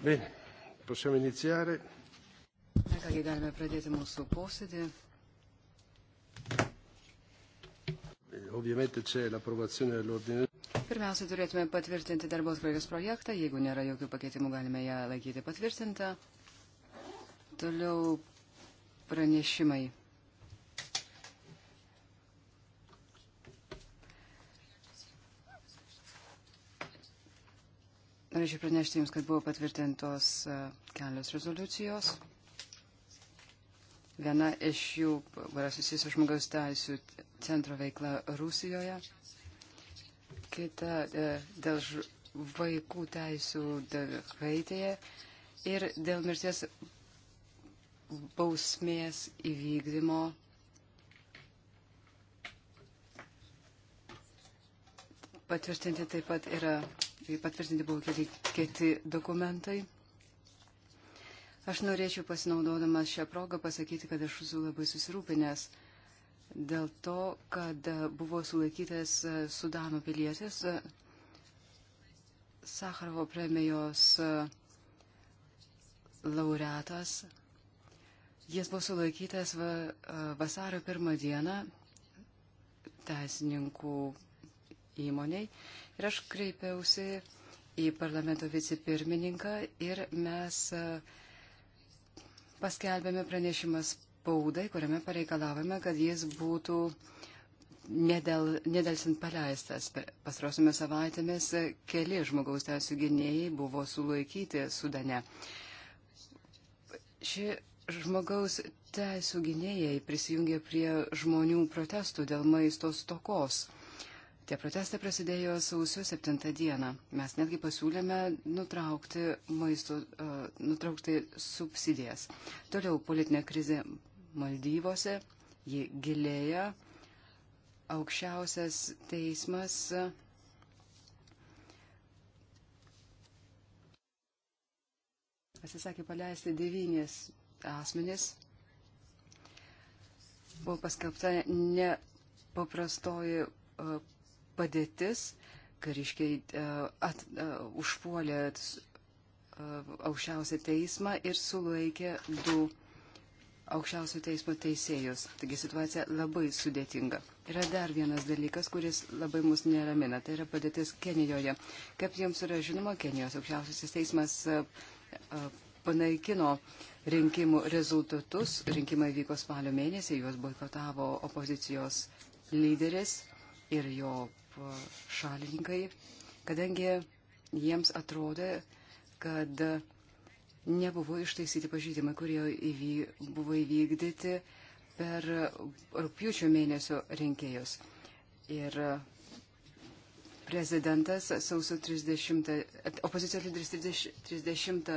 Bene, possiamo iniziare. Na kągi, galime pradėti mūsų posėdį. Ovviamente c'è l'approvazione dell'ordine. Pirmiausia, turėtume patvirtinti darbo atvarkės projektą. Jeigu nėra jokių pakeitimų, galime ją laikyti patvirtintą. Toliau pranešimai. Norėčiau pranešti Jums, kad buvo patvirtintos e, kelios rezoliucijos. Viena iš jų yra susijusi žmogaus teisų centro veikla Rusijoje, kita e, dėl vaikų teisų Haitėje ir dėl mirties bausmės įvykdymo patvirtinti taip pat yra patvirtinti buvo keli kiti dokumentai. Aš norėčiau pasinaudodamas šią progą pasakyti, kad aš esu labai susirūpinęs dėl to, kad buvo sulaikytas Sudano pilietis Sakarovo premijos laureatas. Jis buvo sulaikytas vasario pirmą dieną teisininkų įmoniai. Ir aš kreipiausi į parlamento vicepirmininką ir mes e, paskelbėme pranešimą spaudai, kuriame pareikalavome, kad jis būtų nedelsint nedėl paleistas. Pastarosiomis savaitėmis keli žmogaus teisų gynėjai buvo sulaikyti Sudane. Ši žmogaus teisų gynėjai prisijungė prie žmonių protestų dėl maisto stokos. Tie protestai prasidėjo sausio 7 dieną. Mes netgi pasiūlėme nutraukti maisto, uh, nutraukti subsidijas. Toliau politinė krizė Maldyvose, ji gilėja. Aukščiausias teismas atsisakė paleisti devynis asmenis. Buvo paskelbta nepaprastoji padėtis, kariškiai e, at, e, užpuolė e, aukščiausią teismą ir sulaikė du aukščiausio teismo teisėjus. Taigi situacija labai sudėtinga. Yra dar vienas dalykas, kuris labai mus neramina. Tai yra padėtis Kenijoje. Kaip jums yra žinoma, Kenijos aukščiausiasis teismas panaikino rinkimų rezultatus. Rinkimai vyko spalio mėnesį, juos boikotavo opozicijos lyderis ir jo šalininkai, kadangi jiems atrodė, kad nebuvo ištaisyti pažydimai, kurie įvy, buvo įvykdyti per rūpjūčio mėnesio rinkėjus. Ir prezidentas sausio 30, opozicijos lyderis 30,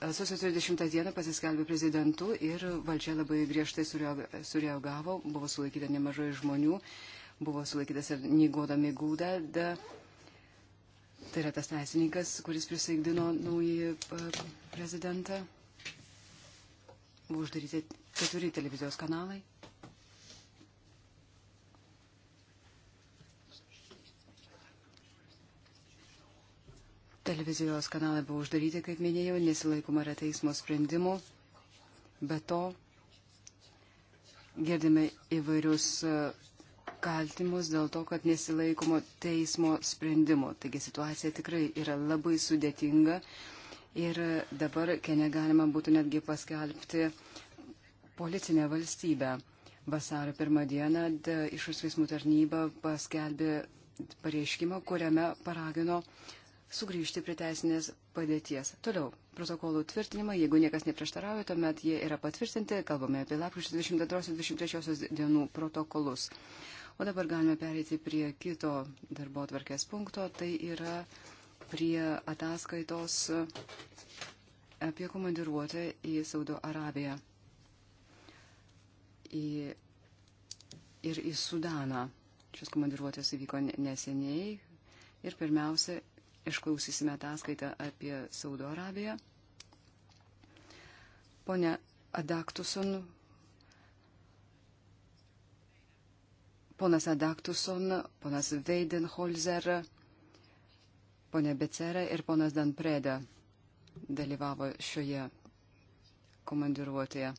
sausio 30 dieną pasiskelbė prezidentu ir valdžia labai griežtai sureagavo, buvo sulaikyta nemažai žmonių buvo sulaikytas ir Nigoda Migūda. Tai yra tas teisininkas, kuris prisaigdino naują prezidentą. Buvo uždaryti keturi televizijos kanalai. Televizijos kanalai buvo uždaryti, kaip minėjau, nesilaikoma yra teismo sprendimų. Be to, girdime įvairius kaltimus dėl to, kad nesilaikomo teismo sprendimo. Taigi situacija tikrai yra labai sudėtinga ir dabar Kenė galima būtų netgi paskelbti policinę valstybę. Vasario pirmą dieną išorės veiksmų tarnyba paskelbė pareiškimą, kuriame paragino sugrįžti prie teisinės padėties. Toliau, protokolų tvirtinimą, jeigu niekas neprieštarauja, tuomet jie yra patvirtinti, kalbame apie lapkričio 22-23 dienų protokolus. O dabar galime pereiti prie kito darbo atvarkės punkto, tai yra prie ataskaitos apie komandiruotę į Saudo Arabiją į, ir į Sudaną. Šios komandiruotės įvyko neseniai ir pirmiausia, išklausysime ataskaitą apie Saudo Arabiją. Pone Adaktuson ponas Adaktuson, ponas Veidenholzer, ponė Becerė ir ponas Danpreda dalyvavo šioje komandiruotėje.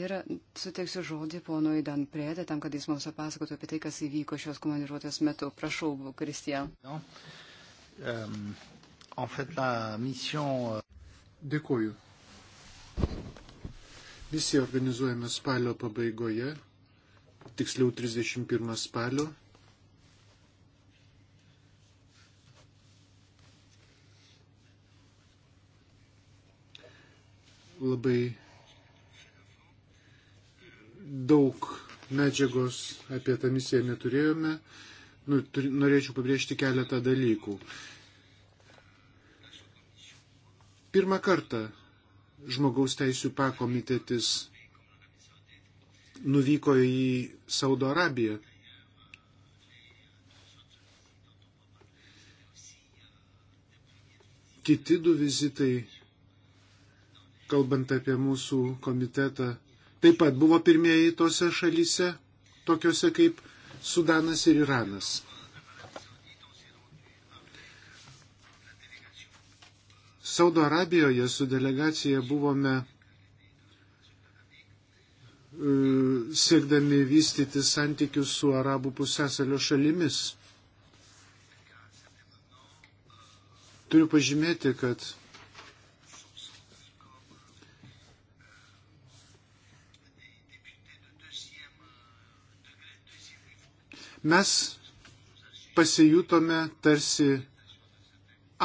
Ir suteiksiu žodį ponui Danpreda tam, kad jis mums papasakotų apie tai, kas įvyko šios komandiruotės metu. Prašau, Kristijan. Um, euh, Dėkuoju. Misija organizuojame spalio pabaigoje tiksliau 31 spalio. Labai daug medžiagos apie tą misiją neturėjome. Nu, turi, norėčiau pabrėžti keletą dalykų. Pirmą kartą žmogaus teisų pakomitetis nuvyko į Saudo Arabiją. Kiti du vizitai, kalbant apie mūsų komitetą, taip pat buvo pirmieji tose šalyse, tokiuose kaip Sudanas ir Iranas. Saudo Arabijoje su delegacija buvome E, siekdami vystyti santykius su arabų pusėsalio šalimis. Turiu pažymėti, kad mes pasijutome tarsi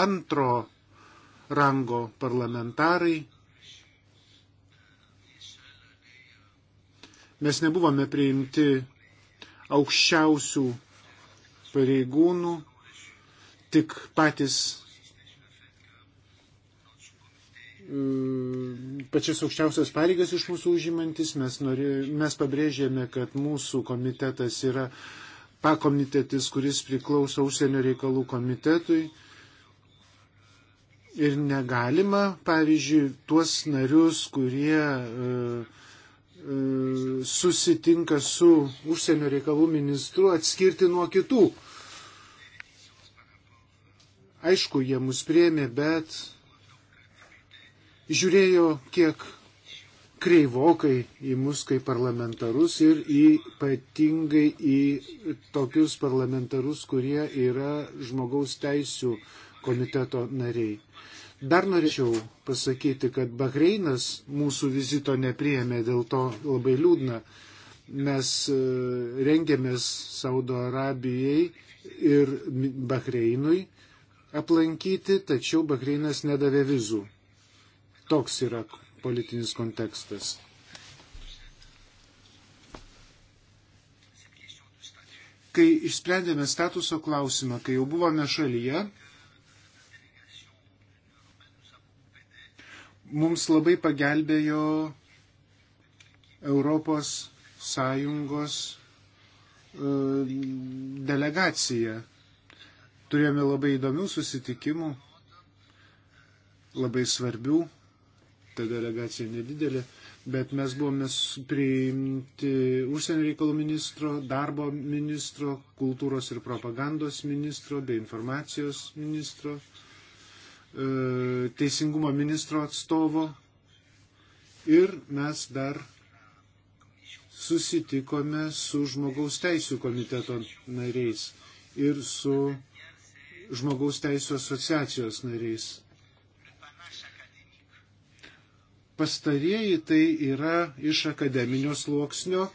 antro rango parlamentarai, Mes nebuvome priimti aukščiausių pareigūnų, tik patys mm, pačias aukščiausias pareigas iš mūsų užimantis, mes, norė, mes pabrėžėme, kad mūsų komitetas yra pakomitetis, kuris priklauso užsienio reikalų komitetui. Ir negalima, pavyzdžiui, tuos narius, kurie uh, E, susitinka su užsienio reikalų ministru atskirti nuo kitų. Aišku, jie mus priemė, bet žiūrėjo kiek kreivokai į mus kaip parlamentarus ir ypatingai į tokius parlamentarus, kurie yra žmogaus teisų komiteto nariai. Dar norėčiau pasakyti, kad Bahreinas mūsų vizito nepriėmė, dėl to labai liūdna. Mes e, rengiamės Saudo Arabijai ir Bahreinui aplankyti, tačiau Bahreinas nedavė vizų. Toks yra politinis kontekstas. Kai išsprendėme statuso klausimą, kai jau buvome šalyje, Mums labai pagelbėjo Europos Sąjungos e, delegacija. Turėjome labai įdomių susitikimų, labai svarbių. Ta delegacija nedidelė, bet mes buvome priimti užsienio reikalų ministro, darbo ministro, kultūros ir propagandos ministro bei informacijos ministro E, teisingumo ministro atstovo ir mes dar susitikome su žmogaus teisų komiteto nariais ir su žmogaus teisų asociacijos nariais. Pastarieji tai yra iš akademinio sluoksnio.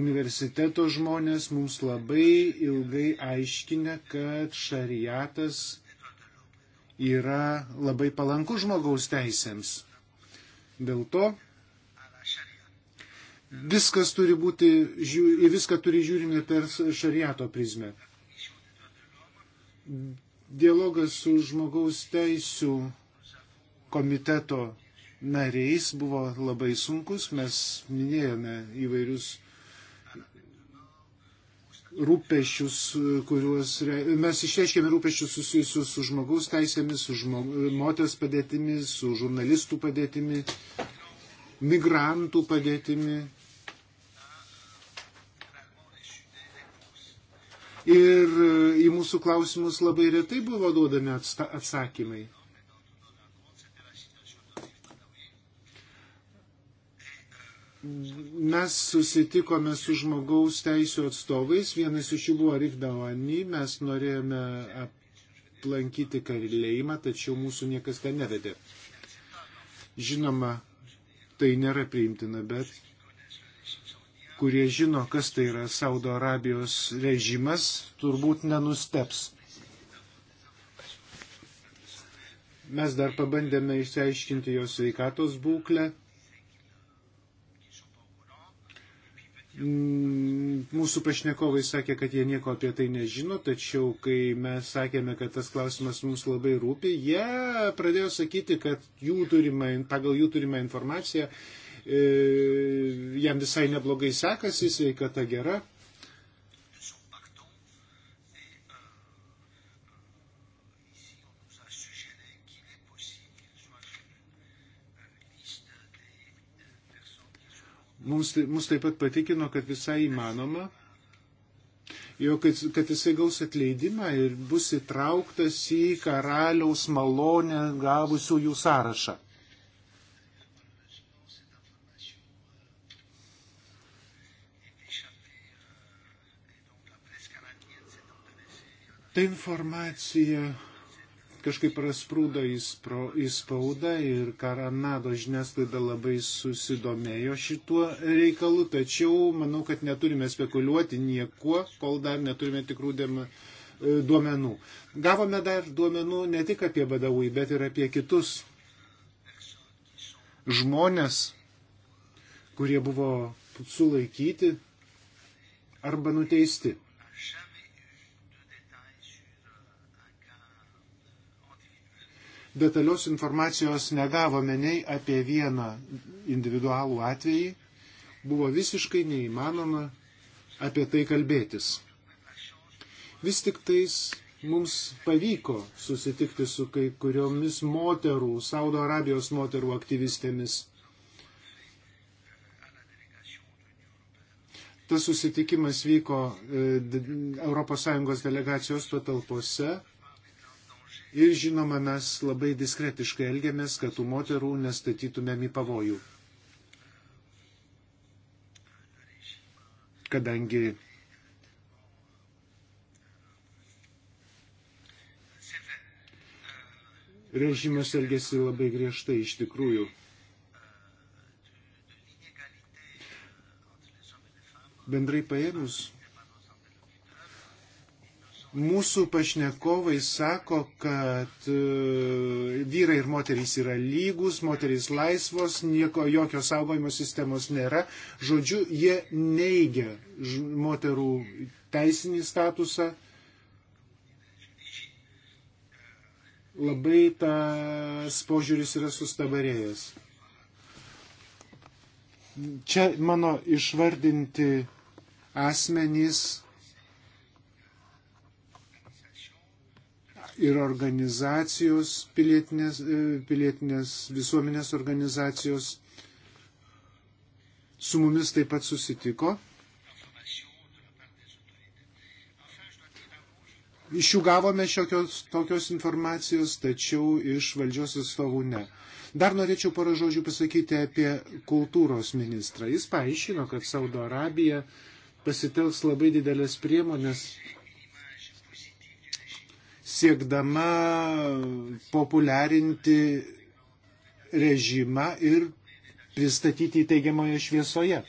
Universiteto žmonės mums labai ilgai aiškinę, kad šariatas yra labai palanku žmogaus teisėms. Dėl to viskas turi būti, į viską turi žiūrime per šariato prizmę. Dialogas su žmogaus teisų komiteto nariais buvo labai sunkus, mes minėjome įvairius rūpešius, kuriuos mes išreiškėme rūpešius susijusius su žmogaus teisėmis, su žmog, moters padėtimi, su žurnalistų padėtimi, migrantų padėtimi. Ir e, į mūsų klausimus labai retai buvo duodami atsakymai. mes susitikome su žmogaus teisų atstovais, vienas iš jų buvo Rifdavani, mes norėjome aplankyti kalėjimą, tačiau mūsų niekas ten nevedė. Žinoma, tai nėra priimtina, bet kurie žino, kas tai yra Saudo Arabijos režimas, turbūt nenusteps. Mes dar pabandėme išsiaiškinti jos veikatos būklę Mm, mūsų pašnekovai sakė, kad jie nieko apie tai nežino, tačiau kai mes sakėme, kad tas klausimas mums labai rūpi, jie pradėjo sakyti, kad jų turima, pagal jų turimą informaciją e, jam visai neblogai sekasi, sveikata gera. Mums, tai, mums taip pat patikino, kad visai įmanoma, jo kad, kad jisai gaus atleidimą ir bus įtrauktas į karaliaus malonę gavusių jų sąrašą. Ta informacija kažkaip prasprūdo į spaudą ir Karanado žiniasklaida labai susidomėjo šituo reikalu, tačiau manau, kad neturime spekuliuoti niekuo, kol dar neturime tikrų e, duomenų. Gavome dar duomenų ne tik apie Badaui, bet ir apie kitus žmonės, kurie buvo sulaikyti arba nuteisti. detalios informacijos negavome nei apie vieną individualų atvejį, buvo visiškai neįmanoma apie tai kalbėtis. Vis tik tais mums pavyko susitikti su kai kuriomis moterų, Saudo Arabijos moterų aktyvistėmis. Tas susitikimas vyko ES delegacijos patalpose Ir žinoma, mes labai diskretiškai elgiamės, kad tų moterų nestatytumėm į pavojų. Kadangi režimas elgesi labai griežtai iš tikrųjų. Bendrai paėmus, Mūsų pašnekovai sako, kad e, vyrai ir moterys yra lygus, moterys laisvos, nieko, jokio saugojimo sistemos nėra. Žodžiu, jie neigia moterų teisinį statusą. Labai tas požiūris yra sustabarėjęs. Čia mano išvardinti asmenys ir organizacijos, pilietinės, e, pilietinės visuomenės organizacijos su mumis taip pat susitiko. Iš jų gavome šiokios tokios informacijos, tačiau iš valdžios atstovų ne. Dar norėčiau porą žodžių pasakyti apie kultūros ministrą. Jis paaiškino, kad Saudo Arabija pasitelks labai didelės priemonės siekdama populiarinti režimą ir pristatyti į teigiamoje šviesoje.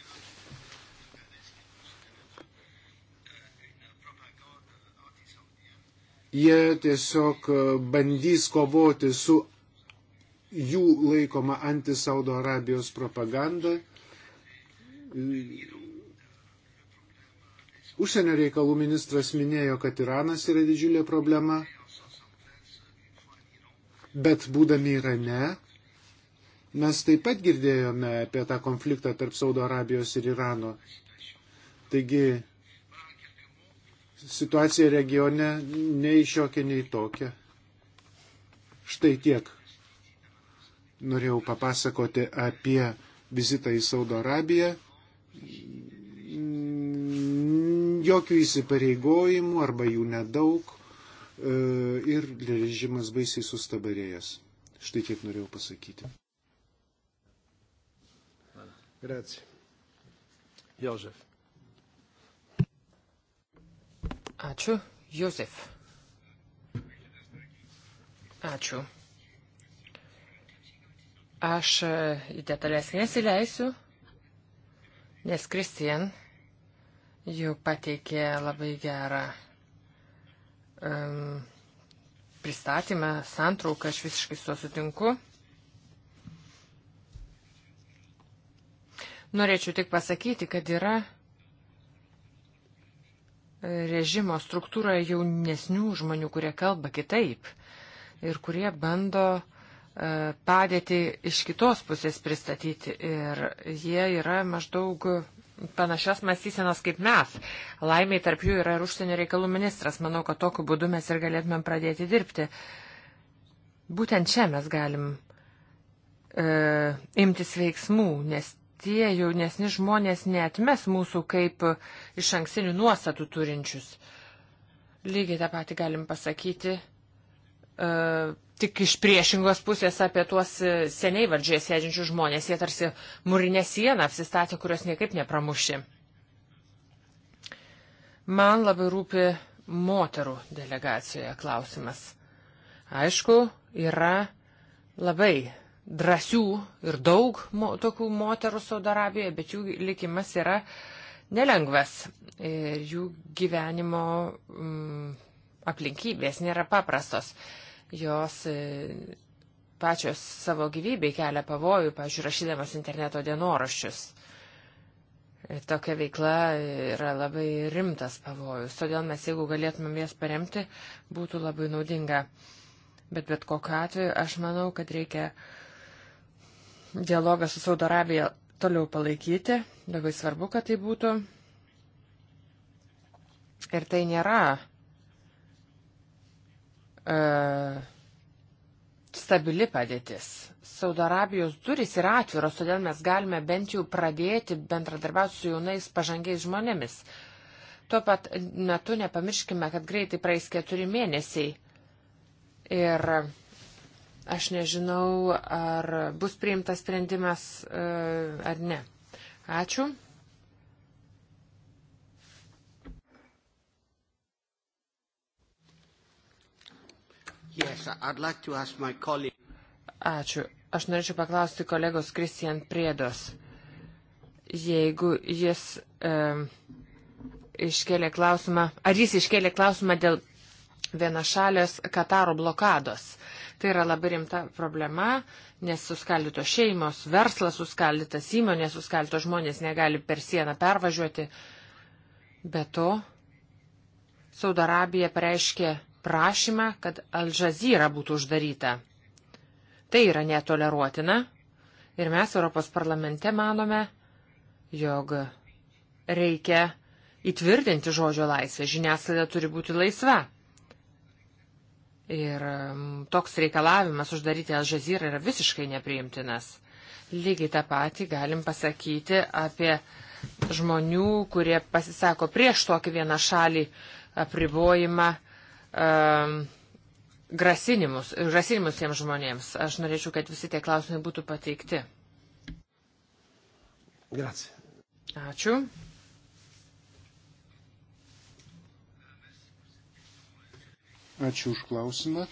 Jie tiesiog bandys kovoti su jų laikoma anti Saudo Arabijos propaganda, Užsienio reikalų ministras minėjo, kad Iranas yra didžiulė problema, bet būdami Irane mes taip pat girdėjome apie tą konfliktą tarp Saudo Arabijos ir Irano. Taigi situacija regione nei šiokia, nei tokia. Štai tiek. Norėjau papasakoti apie vizitą į Saudo Arabiją jokių įsipareigojimų arba jų nedaug e, ir režimas baisiai sustabarėjęs. Štai tiek norėjau pasakyti. Grazie. Jozef. Ačiū, Jozef. Ačiū. Aš e, į detalės nesileisiu, nes Kristijan jau pateikė labai gerą um, pristatymą, santrauką, aš visiškai su to sutinku. Norėčiau tik pasakyti, kad yra režimo struktūroje jaunesnių žmonių, kurie kalba kitaip ir kurie bando e, padėti iš kitos pusės pristatyti. Ir jie yra maždaug panašios mąstysenos kaip mes. Laimiai tarp jų yra ir užsienio reikalų ministras. Manau, kad tokiu būdu mes ir galėtumėm pradėti dirbti. Būtent čia mes galim e, imtis veiksmų, nes tie jaunesni žmonės neatmes mūsų kaip iš anksinių nuostatų turinčius. Lygiai tą patį galim pasakyti E, tik iš priešingos pusės apie tuos e, seniai valdžioje sėdinčius žmonės. Jie tarsi mūrinė siena apsistatė, kurios niekaip nepramuši. Man labai rūpi moterų delegacijoje klausimas. Aišku, yra labai drąsių ir daug mo tokių moterų Saudo Arabijoje, bet jų likimas yra nelengvas ir jų gyvenimo mm, aplinkybės nėra paprastos. Uh, Jos e, pačios savo gyvybei kelia pavojų, pažiūrėjau, rašydamas interneto dienoraščius. E, tokia veikla yra labai rimtas pavojus, todėl mes, jeigu galėtumėm jas paremti, būtų labai naudinga. Bet bet kokiu atveju aš manau, kad reikia dialogą su Saudo Arabija toliau palaikyti. Labai svarbu, kad tai būtų. Ir tai nėra E, stabili padėtis. Saudo Arabijos durys yra atviros, todėl mes galime bent jau pradėti bendradarbiauti su jaunais pažangiais žmonėmis. Tuo pat metu nepamirškime, kad greitai praeis keturi mėnesiai. Ir aš nežinau, ar bus priimtas sprendimas e, ar ne. Ačiū. Yes, I'd like to ask my colleague. Ačiū. Aš norėčiau paklausti kolegos Kristijan Priedos. Jeigu jis e, iškėlė klausimą, ar jis iškėlė klausimą dėl vienašalės Kataro blokados. Tai yra labai rimta problema, nes suskaldytos šeimos, verslas suskaldytas, įmonės suskaldytos žmonės negali per sieną pervažiuoti. Be to, Saudarabija pareiškė prašymą, kad Alžazira būtų uždaryta. Tai yra netoleruotina ir mes Europos parlamente manome, jog reikia įtvirtinti žodžio laisvę. Žiniasklaida turi būti laisva. Ir mm, toks reikalavimas uždaryti Alžazirą yra visiškai nepriimtinas. Lygiai tą patį galim pasakyti apie žmonių, kurie pasisako prieš tokį vieną šalį apribojimą um, grasinimus, grasinimus tiems žmonėms. Aš norėčiau, kad visi tie klausimai būtų pateikti. Grazie. Ačiū. Ačiū už klausimą.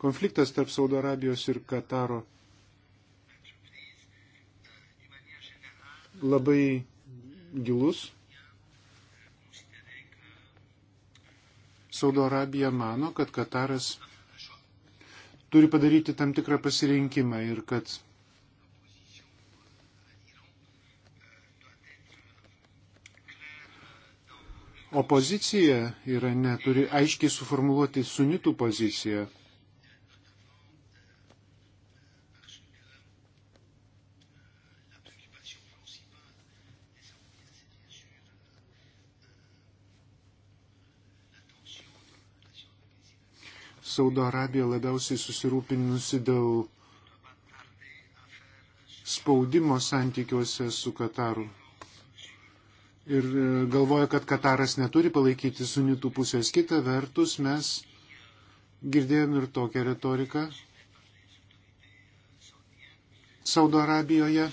Konfliktas tarp Saudo Arabijos ir Kataro labai gilus. Saudo Arabija mano, kad Kataras turi padaryti tam tikrą pasirinkimą ir kad opozicija Irane turi aiškiai suformuoluoti sunitų poziciją. Saudo Arabija labiausiai susirūpinusi dėl spaudimo santykiuose su Kataru. Ir e, galvoja, kad Kataras neturi palaikyti sunitų pusės. Kita vertus, mes girdėjom ir tokią retoriką Saudo Arabijoje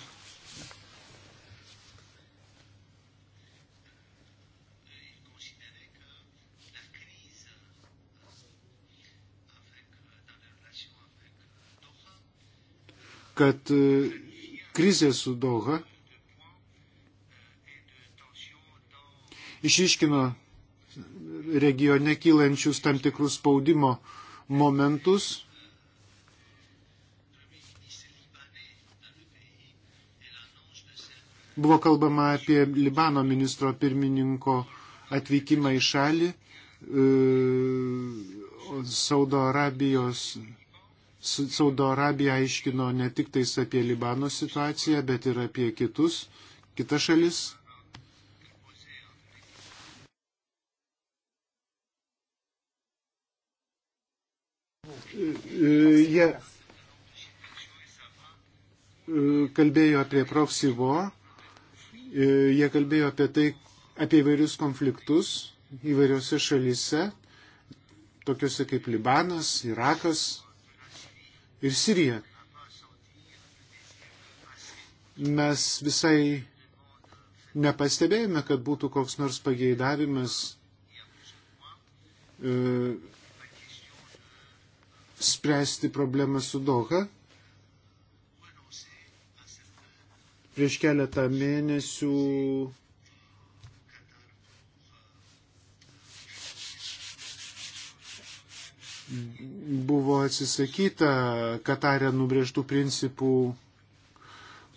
kad e, krizė su Doha išiškino regione kylančius tam tikrus spaudimo momentus. Buvo kalbama apie Libano ministro pirmininko atvykimą į šalį, e, Saudo Arabijos Saudo Arabija aiškino ne tik tais apie Libano situaciją, bet ir apie kitus, kitas šalis. E, jie e, kalbėjo apie Proxyvo, e, jie kalbėjo apie tai, apie įvairius konfliktus įvairiose šalyse, tokiuose kaip Libanas, Irakas, ir Siriją. Mes visai nepastebėjome, kad būtų koks nors pageidavimas e, spręsti problemą su Doha. Prieš keletą mėnesių buvo atsisakyta Katarė nubrėžtų principų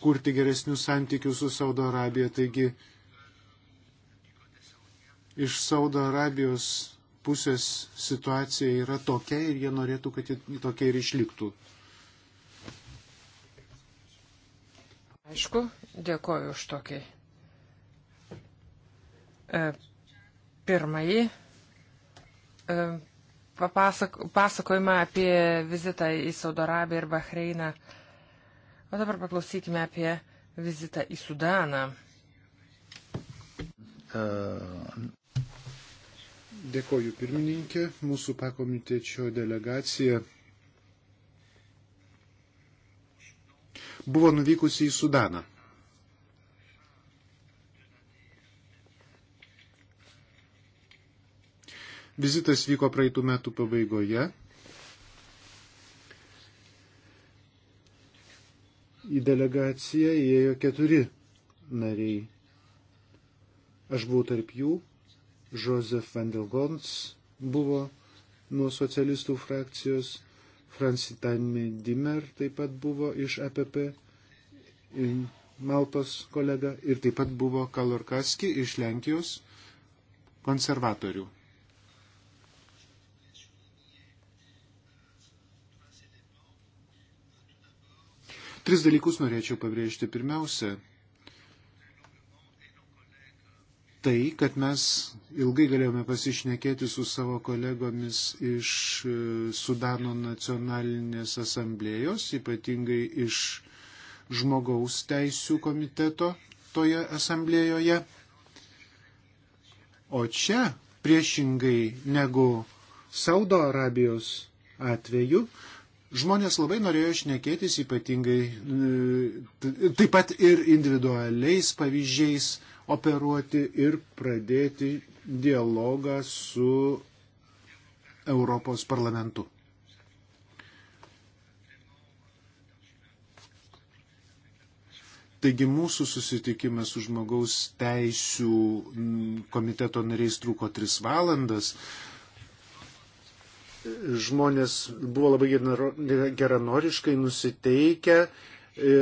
kurti geresnius santykius su Saudo Arabija. Taigi iš Saudo Arabijos pusės situacija yra tokia ir jie norėtų, kad ji tokia ir išliktų. Aišku, dėkoju už tokį e, pirmąjį e, pasakojimą apie vizitą į Saudo Arabiją ir Bahreiną. O dabar paklausykime apie vizitą į Sudaną. Dėkoju pirmininkė, mūsų pakomitečio delegacija buvo nuvykusi į Sudaną. Vizitas vyko praeitų metų pabaigoje. Į delegaciją įėjo keturi nariai. Aš buvau tarp jų, Josef Vandelgons buvo nuo socialistų frakcijos, Fransitanmi Dimer taip pat buvo iš EPP, Maltos kolega ir taip pat buvo Kalorkaski iš Lenkijos konservatorių. Tris dalykus norėčiau pabrėžti. Pirmiausia, tai, kad mes ilgai galėjome pasišnekėti su savo kolegomis iš e, Sudano nacionalinės asamblėjos, ypatingai iš žmogaus teisų komiteto toje asamblėjoje. O čia, priešingai negu Saudo Arabijos atveju, Žmonės labai norėjo šnekėtis ypatingai, e, taip pat ir individualiais pavyzdžiais operuoti ir pradėti dialogą su Europos parlamentu. Taigi mūsų susitikimas su žmogaus teisų komiteto nariais truko tris valandas žmonės buvo labai geranoriškai nusiteikę, e,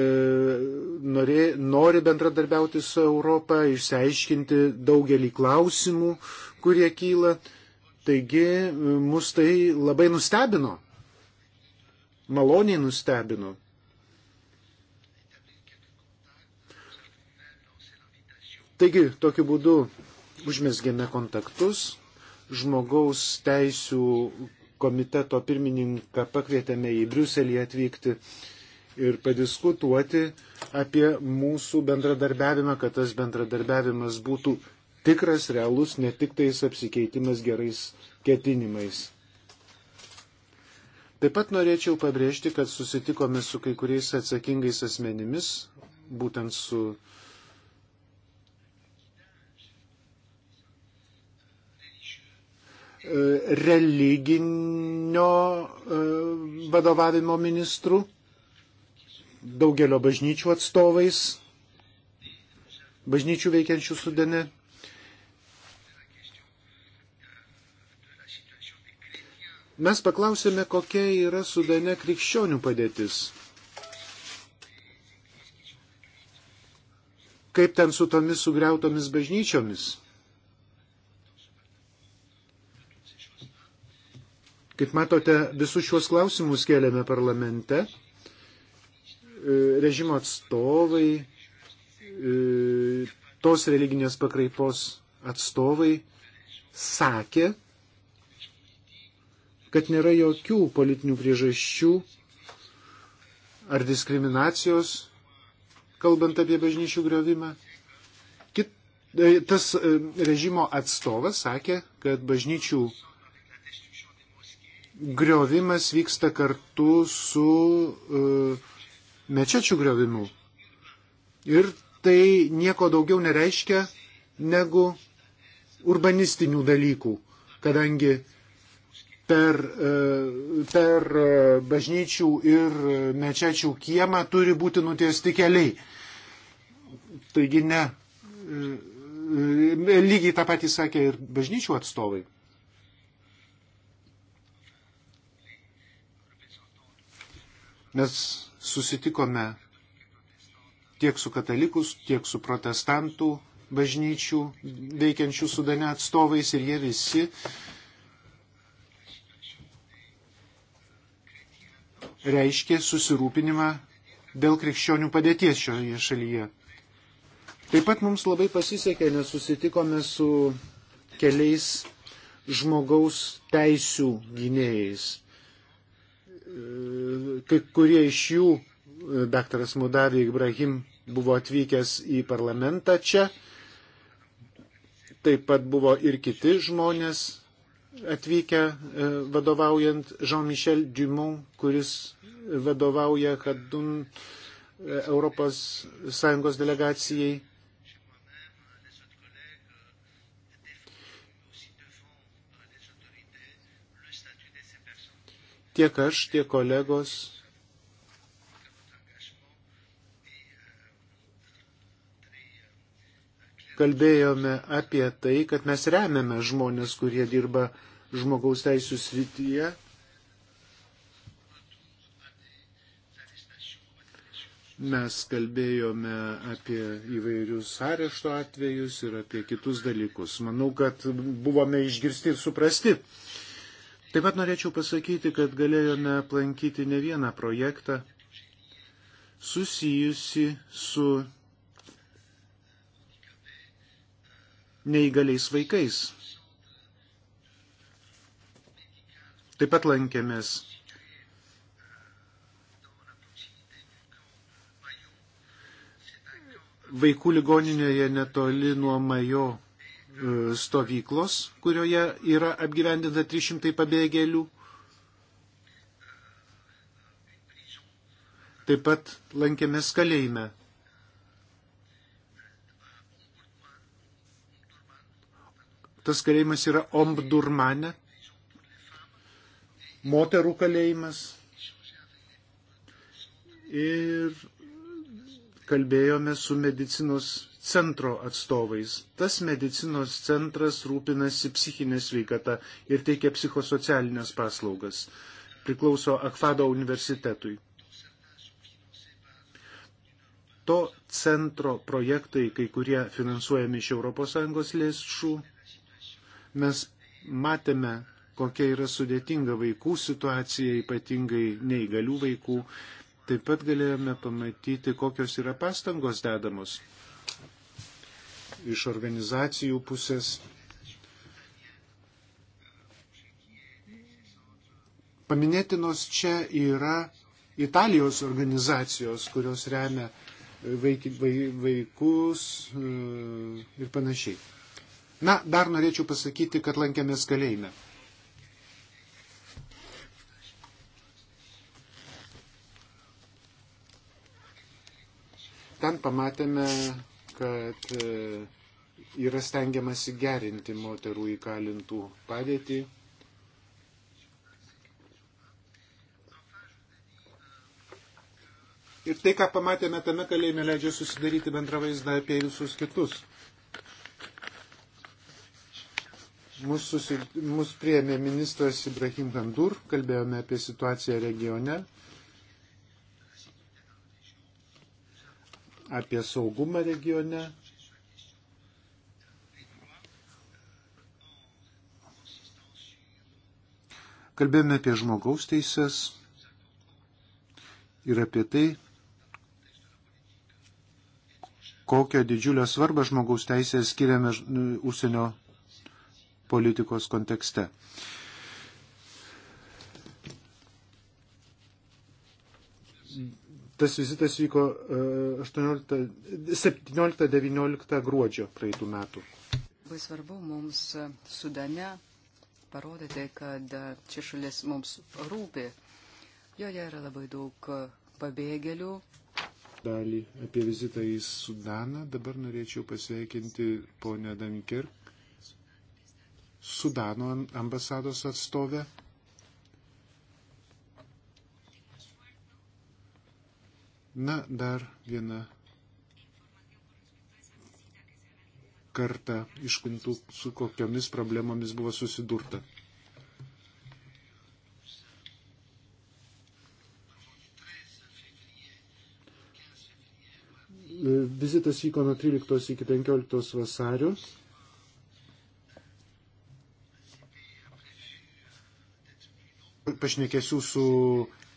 nori, nori bendradarbiauti su Europą, išsiaiškinti daugelį klausimų, kurie kyla. Taigi e, mus tai labai nustebino, maloniai nustebino. Taigi, tokiu būdu užmesgėme kontaktus, žmogaus teisų komiteto pirmininką pakvietėme į Briuselį atvykti ir padiskutuoti apie mūsų bendradarbiavimą, kad tas bendradarbiavimas būtų tikras, realus, ne tik tais apsikeitimas gerais ketinimais. Taip pat norėčiau pabrėžti, kad susitikome su kai kuriais atsakingais asmenimis, būtent su uh, religinio e, vadovavimo ministrų, daugelio bažnyčių atstovais, bažnyčių veikiančių sudane. Mes paklausėme, kokia yra sudane krikščionių padėtis. Kaip ten su tomis sugriautomis bažnyčiomis? Kaip matote, visus šiuos klausimus kėlėme parlamente. E, režimo atstovai, e, tos religinės pakraipos atstovai sakė, kad nėra jokių politinių priežasčių ar diskriminacijos, kalbant apie bažnyčių griovimą. Kit, e, tas režimo atstovas sakė, kad bažnyčių griovimas vyksta kartu su e, mečečių griovimu. Ir tai nieko daugiau nereiškia negu urbanistinių dalykų, kadangi per, e, per e, bažnyčių ir mečečių kiemą turi būti nutiesti keliai. Taigi ne. Lygiai tą patį sakė ir bažnyčių atstovai. Mes susitikome tiek su katalikus, tiek su protestantų bažnyčių veikiančių sudane atstovais ir jie visi reiškė susirūpinimą dėl krikščionių padėties šioje šalyje. Taip pat mums labai pasisekė, nes susitikome su keliais žmogaus teisų gynėjais kai kurie iš jų, daktaras Mudavė Ibrahim, buvo atvykęs į parlamentą čia. Taip pat buvo ir kiti žmonės atvykę e, vadovaujant Jean-Michel Dumont, kuris vadovauja Kadun e, Europos Sąjungos delegacijai. Tiek aš, tiek kolegos. Kalbėjome apie tai, kad mes remiame žmonės, kurie dirba žmogaus teisų srityje, Mes kalbėjome apie įvairius arešto atvejus ir apie kitus dalykus. Manau, kad buvome išgirsti ir suprasti. Taip pat norėčiau pasakyti, kad galėjome aplankyti ne vieną projektą susijusi su neįgaliais vaikais. Taip pat lankėmės vaikų ligoninėje netoli nuo Majo E, stovyklos, kurioje yra apgyvendinta 300 pabėgėlių. Taip pat lankėmės kalėjime. Tas kalėjimas yra Omdurmane, moterų kalėjimas. Ir kalbėjome su medicinos centro atstovais. Tas medicinos centras rūpinasi psichinė sveikata ir teikia psichosocialinės paslaugas. Priklauso Akfado universitetui. To centro projektai, kai kurie finansuojami iš ES lėšų, mes matėme, kokia yra sudėtinga vaikų situacija, ypatingai neįgalių vaikų. Taip pat galėjome pamatyti, kokios yra pastangos dedamos iš organizacijų pusės. Paminėtinos čia yra Italijos organizacijos, kurios remia vaiki, va, vaikus e, ir panašiai. Na, dar norėčiau pasakyti, kad lankėmės kalėjime. ten pamatėme kad e, yra stengiamasi gerinti moterų įkalintų padėtį. Ir tai, ką pamatėme tame kalėjime, leidžia susidaryti bendrą vaizdą apie visus kitus. Mūsų susi... Mūs priėmė ministras Ibrahim Gandur, kalbėjome apie situaciją regione. apie saugumą regione. Kalbėjome apie žmogaus teises ir apie tai, kokią didžiulę svarbą žmogaus teisės skiriame užsienio politikos kontekste. Tas vizitas vyko 17-19 e, gruodžio praeitų metų. Labai svarbu mums e, Sudane parodyti, kad čia e, šalis mums rūpi. Joje yra labai daug pabėgėlių. Dalį apie vizitą į Sudaną dabar norėčiau pasveikinti ponę Dankirk, Sudano ambasados atstovę. Na, dar vieną kartą iškuntų, su kokiomis problemomis buvo susidurta. Vizitas vyko nuo 13 iki 15 vasario. Pašnekėsiu su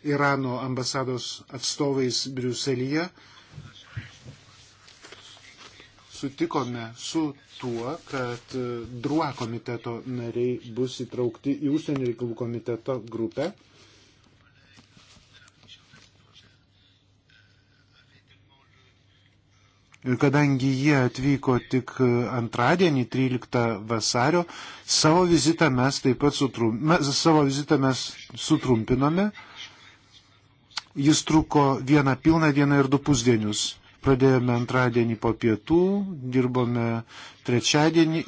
Irano ambasados atstovais Briuselyje sutikome su tuo, kad e, DRUA komiteto nariai bus įtraukti į užsienio reikalų komiteto grupę. Ir kadangi jie atvyko tik antradienį, 13 vasario, savo vizitą mes taip pat sutrum, mes, savo vizitą mes sutrumpinome. Jis truko vieną pilną dieną ir du pusdienius. Pradėjome antradienį po pietų, dirbome trečiadienį.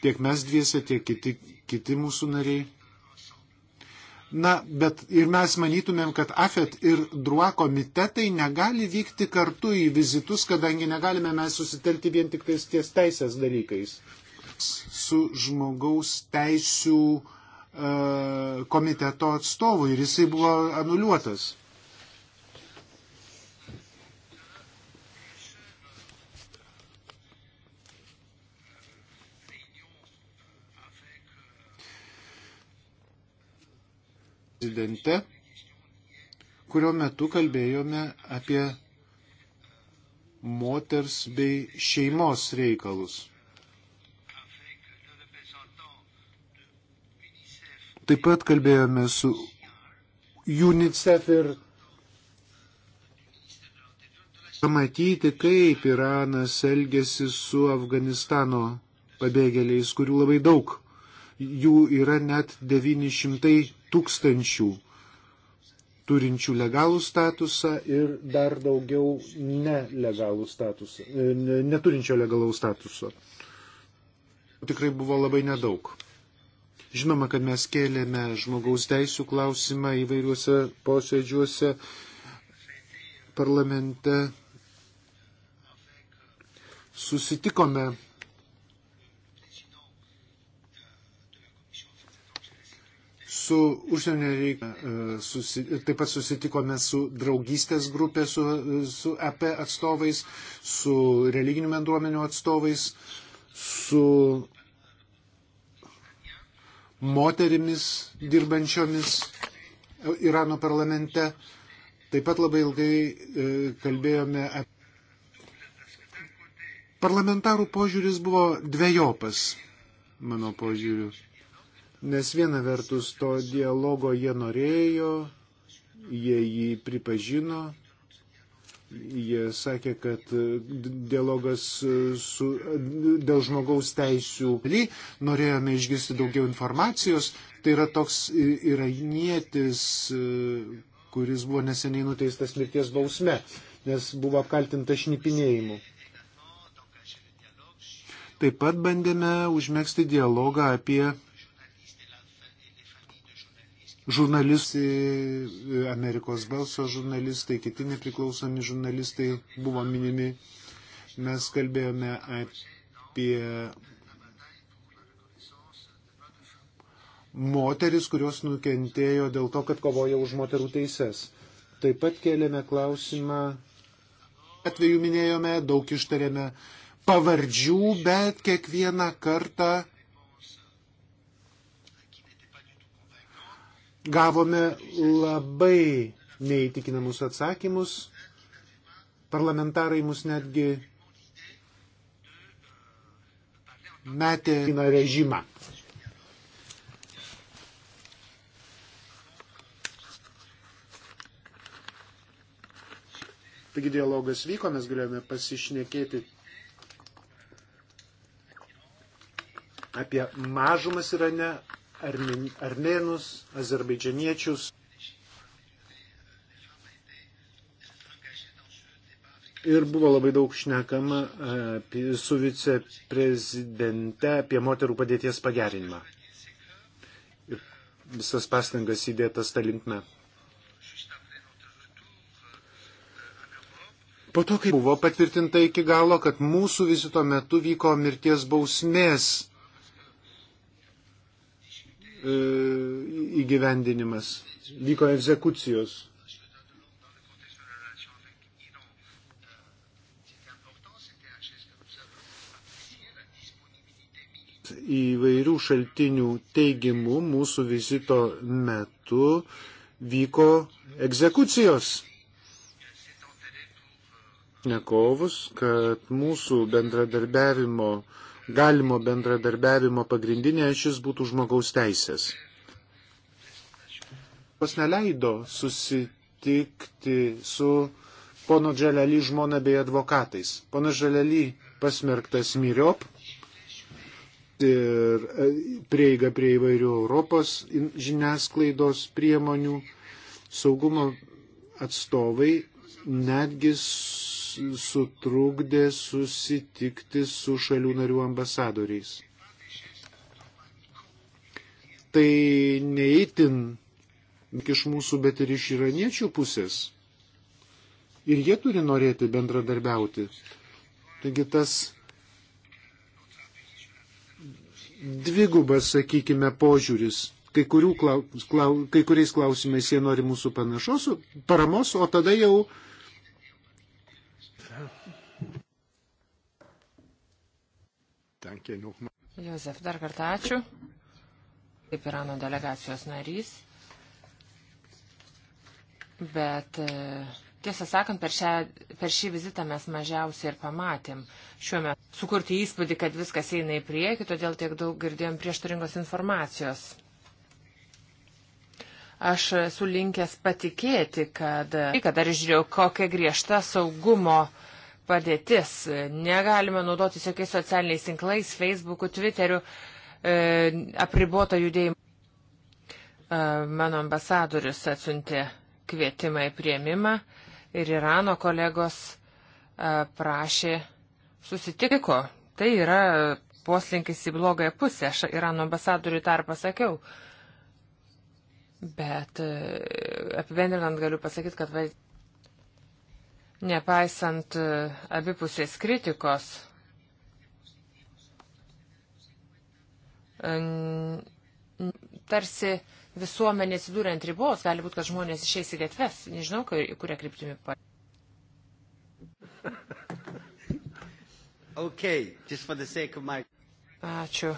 Tiek mes dviese, tiek kiti, kiti mūsų nariai. Na, bet ir mes manytumėm, kad AFET ir DRUA komitetai negali vykti kartu į vizitus, kadangi negalime mes susitelti vien tik tais ties teisės dalykais su žmogaus teisų e, komiteto atstovu ir jisai buvo anuliuotas. prezidente, kurio metu kalbėjome apie moters bei šeimos reikalus. Taip pat kalbėjome su UNICEF ir pamatyti, kaip Iranas elgesi su Afganistano pabėgėliais, kurių labai daug. Jų yra net 900 tūkstančių turinčių legalų statusą ir dar daugiau nelegalų statusą, neturinčio legalaus statuso. Tikrai buvo labai nedaug. Žinoma, kad mes kėlėme žmogaus teisų klausimą įvairiuose posėdžiuose parlamente. Susitikome su užsienio reikalų, e, taip pat susitikome su draugystės grupė, su, su EP atstovais, su religinių bendruomenių atstovais, su moterimis dirbančiomis Irano parlamente. Taip pat labai ilgai e, kalbėjome apie. Parlamentarų požiūris buvo dviejopas, mano požiūriu. Nes viena vertus to dialogo jie norėjo, jie jį pripažino, Jie sakė, kad e, dialogas e, su, e, dėl žmogaus teisų ply, norėjome išgirsti daugiau informacijos. Tai yra toks iranietis, kuris buvo neseniai nuteistas mirties bausme, nes buvo apkaltintas šnipinėjimu. Taip pat bandėme užmėgsti dialogą apie žurnalistai, e, Amerikos balso žurnalistai, kiti nepriklausomi žurnalistai buvo minimi. Mes kalbėjome apie moteris, kurios nukentėjo dėl to, kad kovoja už moterų teises. Taip pat kėlėme klausimą, atveju minėjome, daug ištarėme pavardžių, bet kiekvieną kartą Gavome labai neįtikinamus atsakymus. Parlamentarai mus netgi metė į režimą. Taigi dialogas vyko, mes galėjome pasišnekėti apie mažumas Irane, armėnus, azerbaidžianiečius. Ir buvo labai daug šnekama e, apie, su viceprezidente apie moterų padėties pagerinimą. Ir visas pastangas įdėtas tą linkmę. Po to, kai buvo patvirtinta iki galo, kad mūsų vizito metu vyko mirties bausmės E, įgyvendinimas, vyko egzekucijos. Įvairių šaltinių teigimų mūsų vizito metu vyko egzekucijos. Nekovus, kad mūsų bendradarbiavimo uh, galimo bendradarbiavimo pagrindinė ašis būtų žmogaus teisės. Pas neleido susitikti su pono Dželely žmona bei advokatais. Pono Dželely pasmerktas myriop ir e, prieiga prie įvairių Europos žiniasklaidos priemonių. Saugumo atstovai netgi sutrukdė susitikti su šalių narių ambasadoriais. Tai neįtin iš mūsų, bet ir iš iraniečių pusės. Ir jie turi norėti bendradarbiauti. Taigi tas dvigubas, sakykime, požiūris kai, klaus, klaus, kai kuriais klausimais jie nori mūsų panašos paramos, o tada jau Jozef, dar kartą ačiū. Kaip Irano delegacijos narys. Bet e, tiesą sakant, per, šią, per šį vizitą mes mažiausiai ir pamatėm. Šiuo metu sukurti įspūdį, kad viskas eina į priekį, todėl tiek daug girdėjom prieštaringos informacijos. Aš esu linkęs patikėti, kad, kad dar žiūrėjau, kokia griežta saugumo uh, padėtis. Negalime naudotis jokiais socialiniais tinklais, Facebooku, Twitteriu, e, apribuoto judėjimo. E, mano ambasadorius atsiuntė kvietimą į prieimimą ir Irano kolegos e, prašė susitiko. Tai yra poslinkis į blogąją pusę. Aš Irano ambasadoriui tą ir pasakiau. Bet e, apibendrinant galiu pasakyti, kad Nepaisant e, abipusės kritikos, e, tarsi visuomenė atsidūrė ant ribos, gali būti, kad žmonės išeis į gatves, nežinau, kurią kryptimį. Okay, my... Ačiū.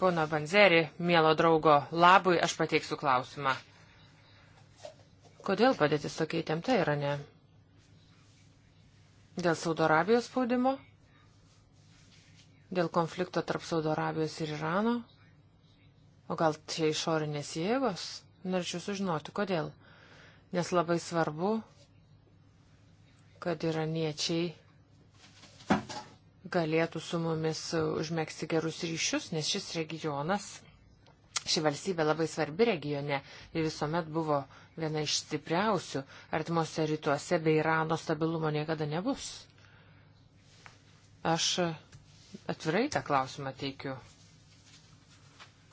Pono Banzeri, mielo draugo, labui aš pateiksiu klausimą. Kodėl padėtis tokia įtempta yra, ne? Dėl Saudo Arabijos spaudimo, dėl konflikto tarp Saudo Arabijos ir Irano, o gal čia išorinės jėgos, norėčiau sužinoti, kodėl. Nes labai svarbu, kad iraniečiai galėtų su mumis užmėgsti gerus ryšius, nes šis regionas, ši valstybė labai svarbi regione ir visuomet buvo viena iš stipriausių artimuose rytuose, bei Irano stabilumo niekada nebus. Aš atvirai tą klausimą teikiu.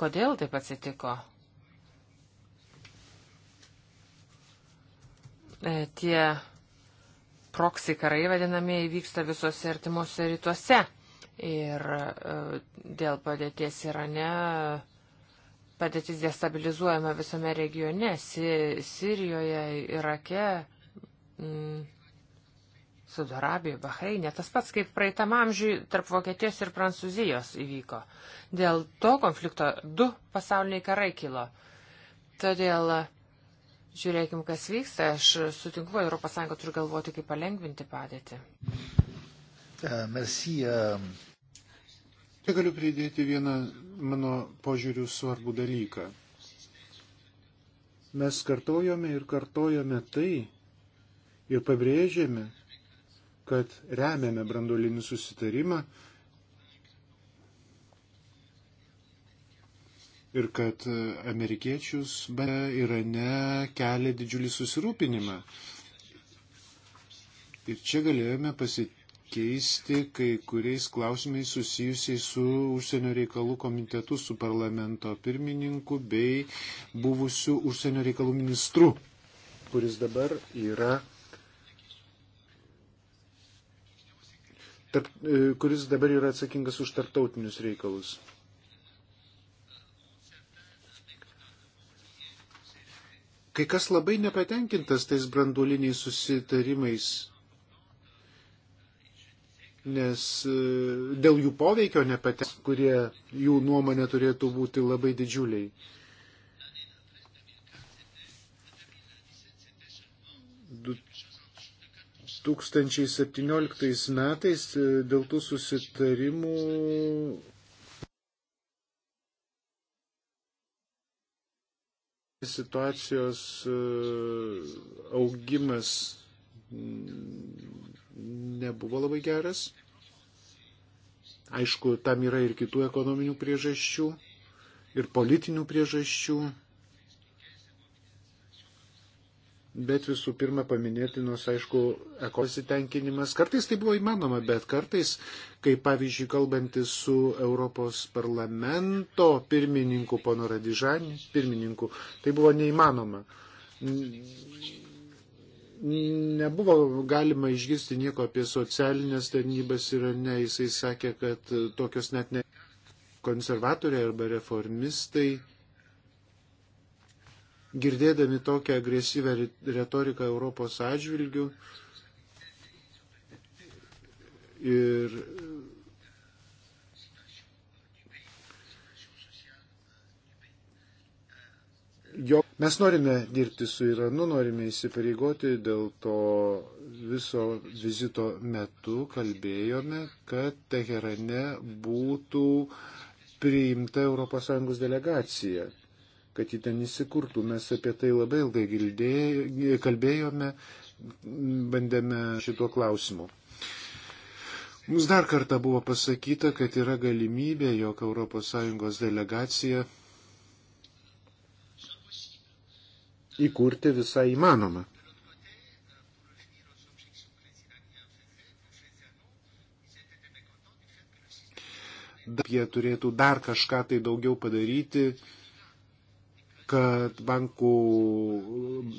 Kodėl taip atsitiko? E, tie proksi karai vadinamieji vyksta visose artimuose rytuose. Ir e, dėl padėties Irane. E, Padėtis destabilizuojama visame regione si - Sirijoje, Irake, mm, Sudarabijoje, Bahreine. Tas pats kaip praeitam amžiui tarp Vokietijos ir Prancūzijos įvyko. Dėl to konflikto du pasauliniai karai kilo. Todėl žiūrėkim, kas vyksta. Aš sutinku, ES turi galvoti, kaip palengvinti padėtį. Uh, merci, uh... Čia galiu pridėti vieną mano požiūriu svarbų dalyką. Mes kartojame ir kartojame tai ir pabrėžėme, kad remiame brandolinį susitarimą ir kad amerikiečius Irane kelia didžiulį susirūpinimą. Ir čia galėjome pasitikti pasikeisti kai kuriais klausimais susijusiais su užsienio reikalų komitetu, su parlamento pirmininku bei buvusiu užsienio reikalų ministru, kuris dabar yra. Tarp, e, kuris dabar yra atsakingas už tarptautinius reikalus. Kai kas labai nepatenkintas tais branduoliniais susitarimais, nes e, dėl jų poveikio nepateks, kurie jų nuomonė turėtų būti labai didžiuliai. Du 2017 metais e, dėl tų susitarimų situacijos e, augimas nebuvo labai geras. Aišku, tam yra ir kitų ekonominių priežasčių, ir politinių priežasčių. Bet visų pirma paminėtinos, aišku, ekositenkinimas. Kartais tai buvo įmanoma, bet kartais, kai pavyzdžiui, kalbantis su Europos parlamento pirmininku, pono Radižanį, pirmininku, tai buvo neįmanoma nebuvo galima išgirsti nieko apie socialinės tarnybas ir ne, jisai sakė, kad tokios net ne konservatoriai arba reformistai, girdėdami tokią agresyvę retoriką Europos atžvilgių ir jo. Mes norime dirbti su Iranu, norime įsipareigoti, dėl to viso vizito metu kalbėjome, kad Teherane būtų priimta ES delegacija kad ji ten įsikurtų. Mes apie tai labai ilgai gildėjome, kalbėjome, bandėme šituo klausimu. Mums dar kartą buvo pasakyta, kad yra galimybė, jog ES delegacija įkurti visą įmanomą. Jie turėtų dar kažką tai daugiau padaryti, kad bankų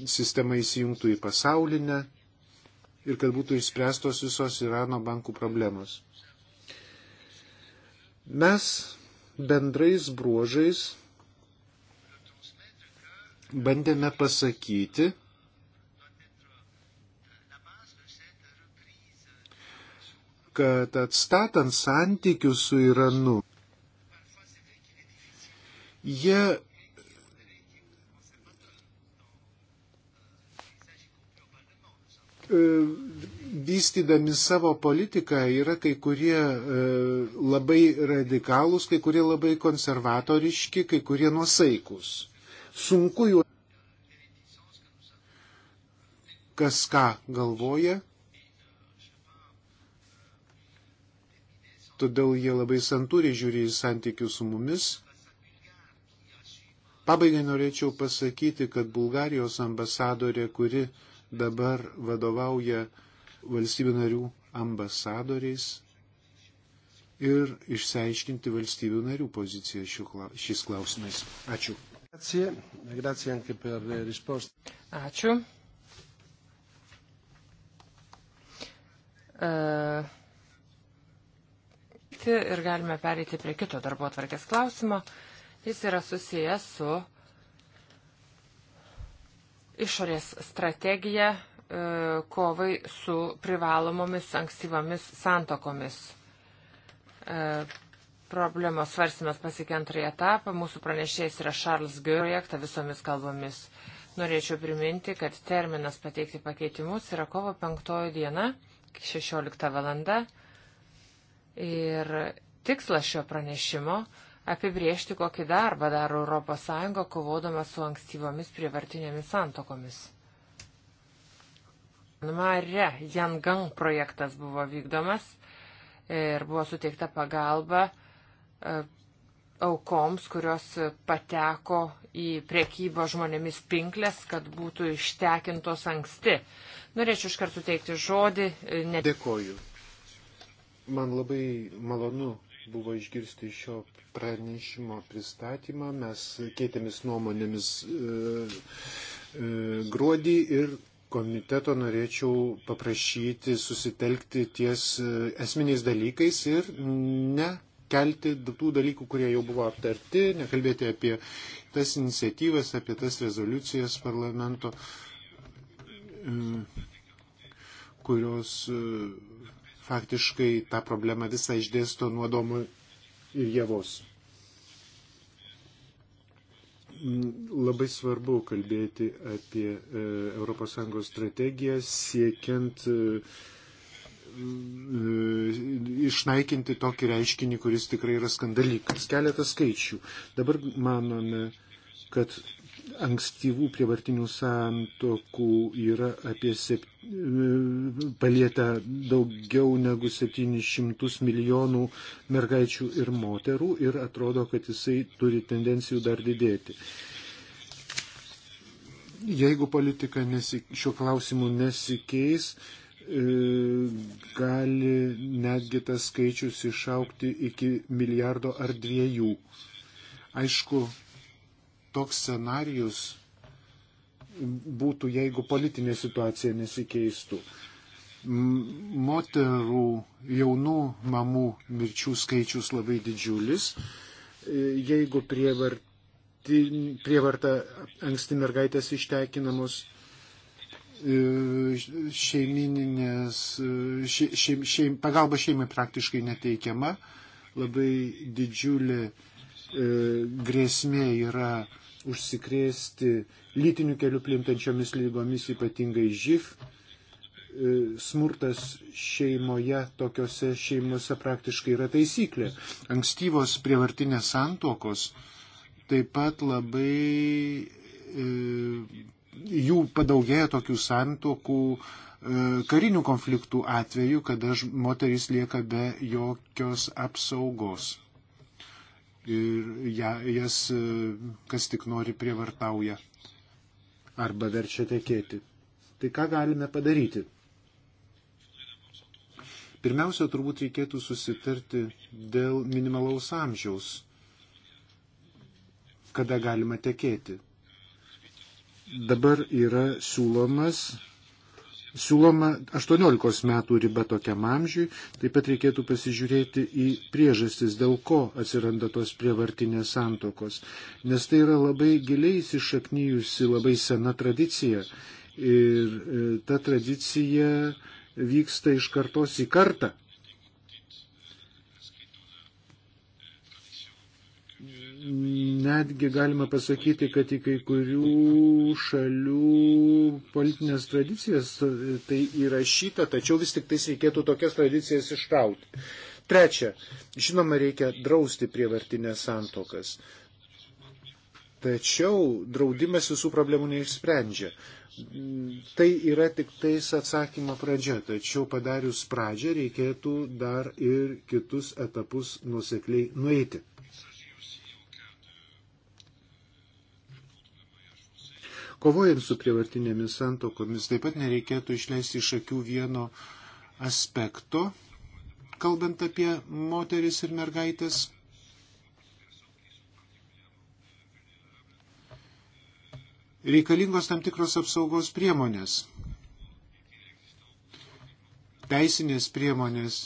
sistema įsijungtų į pasaulinę ir kad būtų išspręstos visos Irano bankų problemos. Mes bendrais bruožais bandėme pasakyti, kad atstatant santykius su Iranu, jie e, vystydami savo politiką yra kai kurie e, labai radikalūs, kai kurie labai konservatoriški, kai kurie nuosaikus sunku jų. Kas ką galvoja, todėl jie labai santūriai žiūri į santykius su mumis. Pabaigai norėčiau pasakyti, kad Bulgarijos ambasadorė, kuri dabar vadovauja valstybių narių ambasadoriais ir išsiaiškinti valstybių narių poziciją šiais klausimais. Ačiū. Grazie, grazie anche per le risposte. Ačiū. E, ir galime pereiti prie kito darbo atvarkės klausimo. Jis yra susijęs su išorės strategija e, kovai su privalomomis ankstyvomis santokomis e, Problemos svarstymas pasikė antrąjį etapą. Mūsų pranešėjas yra Charles G. projektą visomis kalbomis. Norėčiau priminti, kad terminas pateikti pakeitimus yra kovo 5 diena, 16 valanda. Ir tikslas šio pranešimo - apibriežti, kokį darbą daro ES kovodama su ankstyvomis prievartinėmis santokomis. Mare Jangang projektas buvo vykdomas ir buvo suteikta pagalba E, aukoms, kurios pateko į priekybą žmonėmis pinklės, kad būtų ištekintos anksti. Norėčiau iškart suteikti žodį. E, ne... Dėkoju. Man labai malonu buvo išgirsti šio pranešimo pristatymą. Mes keitėmis nuomonėmis e, e, gruodį ir komiteto norėčiau paprašyti susitelkti ties e, esminiais dalykais ir ne kelti tų dalykų, kurie jau buvo aptarti, nekalbėti apie tas iniciatyvas, apie tas rezoliucijas parlamento, e, kurios e, faktiškai tą problemą visą išdėsto nuodomų ir jėvos. Mm, labai svarbu kalbėti apie ES strategiją siekiant uh, E, išnaikinti tokį reiškinį, kuris tikrai yra skandalykas. Keletas skaičių. Dabar manome, kad ankstyvų prievartinių santokų yra apie sep... E, palietę daugiau negu 700 milijonų mergaičių ir moterų ir atrodo, kad jisai turi tendencijų dar didėti. Jeigu politika nesik... šiuo klausimu nesikeis, E, gali netgi tas skaičius išaukti iki milijardo ar dviejų. Aišku, toks scenarius būtų, jeigu politinė situacija nesikeistų. Moterų jaunų mamų mirčių skaičius labai didžiulis. E, jeigu prievarta anksti mergaitės ištekinamos, E, šeimininės, še, še, še, pagalba šeimai praktiškai neteikiama, labai didžiulė e, grėsmė yra užsikrėsti lytinių kelių plintančiomis lygomis, ypatingai živ. E, smurtas šeimoje, tokiuose šeimose praktiškai yra taisyklė. Ankstyvos prievartinės santokos taip pat labai e, jų padaugėja tokių santokų e, karinių konfliktų atveju, kada moteris lieka be jokios apsaugos. Ir ja, jas e, kas tik nori prievartauja arba verčia tekėti. Tai ką galime padaryti? Pirmiausia, turbūt reikėtų susitarti dėl minimalaus amžiaus, kada galima tekėti dabar yra siūlomas, siūloma 18 metų riba tokiam amžiui, taip pat reikėtų pasižiūrėti į priežastis, dėl ko atsiranda tos prievartinės santokos, nes tai yra labai giliai įsišaknyjusi, labai sena tradicija ir e, ta tradicija vyksta iš kartos į kartą. netgi galima pasakyti, kad į kai kurių šalių politinės tradicijas tai įrašyta, tačiau vis tik tais reikėtų tokias tradicijas išrauti. Trečia, žinoma, reikia drausti prievartinės santokas. Tačiau draudimas visų problemų neišsprendžia. Tai yra tik tais atsakymo pradžia, tačiau padarius pradžią reikėtų dar ir kitus etapus nusekliai nueiti. Kovojant su prievartinėmis santokomis, taip pat nereikėtų išleisti iš akių vieno aspekto, kalbant apie moteris ir mergaitės. Reikalingos tam tikros apsaugos priemonės, teisinės priemonės,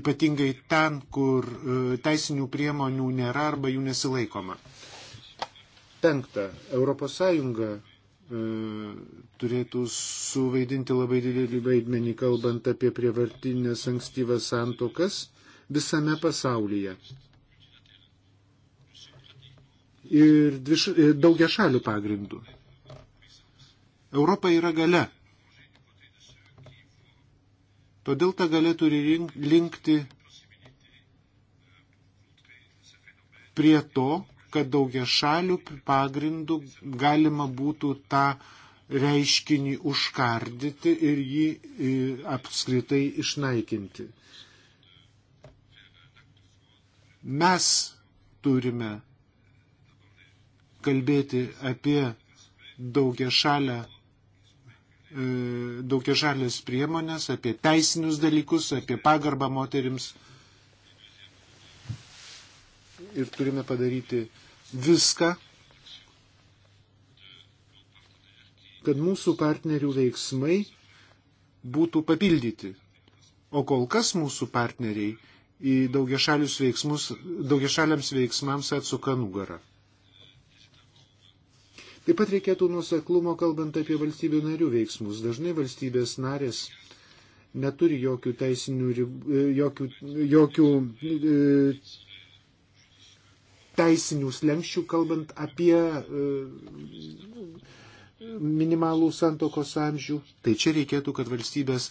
ypatingai ten, kur e, teisinių priemonių nėra arba jų nesilaikoma. Penkta, ES e, turėtų suvaidinti labai didelį vaidmenį, kalbant apie prievartinės ankstyvas santokas visame pasaulyje. Ir dviš, e, daugia šalių pagrindų. Europa yra gale. Todėl ta gale turi linkti prie to, kad daugia šalių pagrindų galima būtų tą reiškinį užkardyti ir jį e, apskritai išnaikinti. Mes turime kalbėti apie daugia šalę e, daugiašalės priemonės, apie teisinius dalykus, apie pagarbą moterims ir turime padaryti viską, kad mūsų partnerių veiksmai būtų papildyti. O kol kas mūsų partneriai į veiksmus, daugiašaliams veiksmams atsuka nugarą. Taip pat reikėtų nuseklumo, kalbant apie valstybių narių veiksmus. Dažnai valstybės narės neturi jokių teisinių, jokių, jokių e, teisinių slengščių, kalbant apie e, minimalų santokos amžių. Tai čia reikėtų, kad valstybės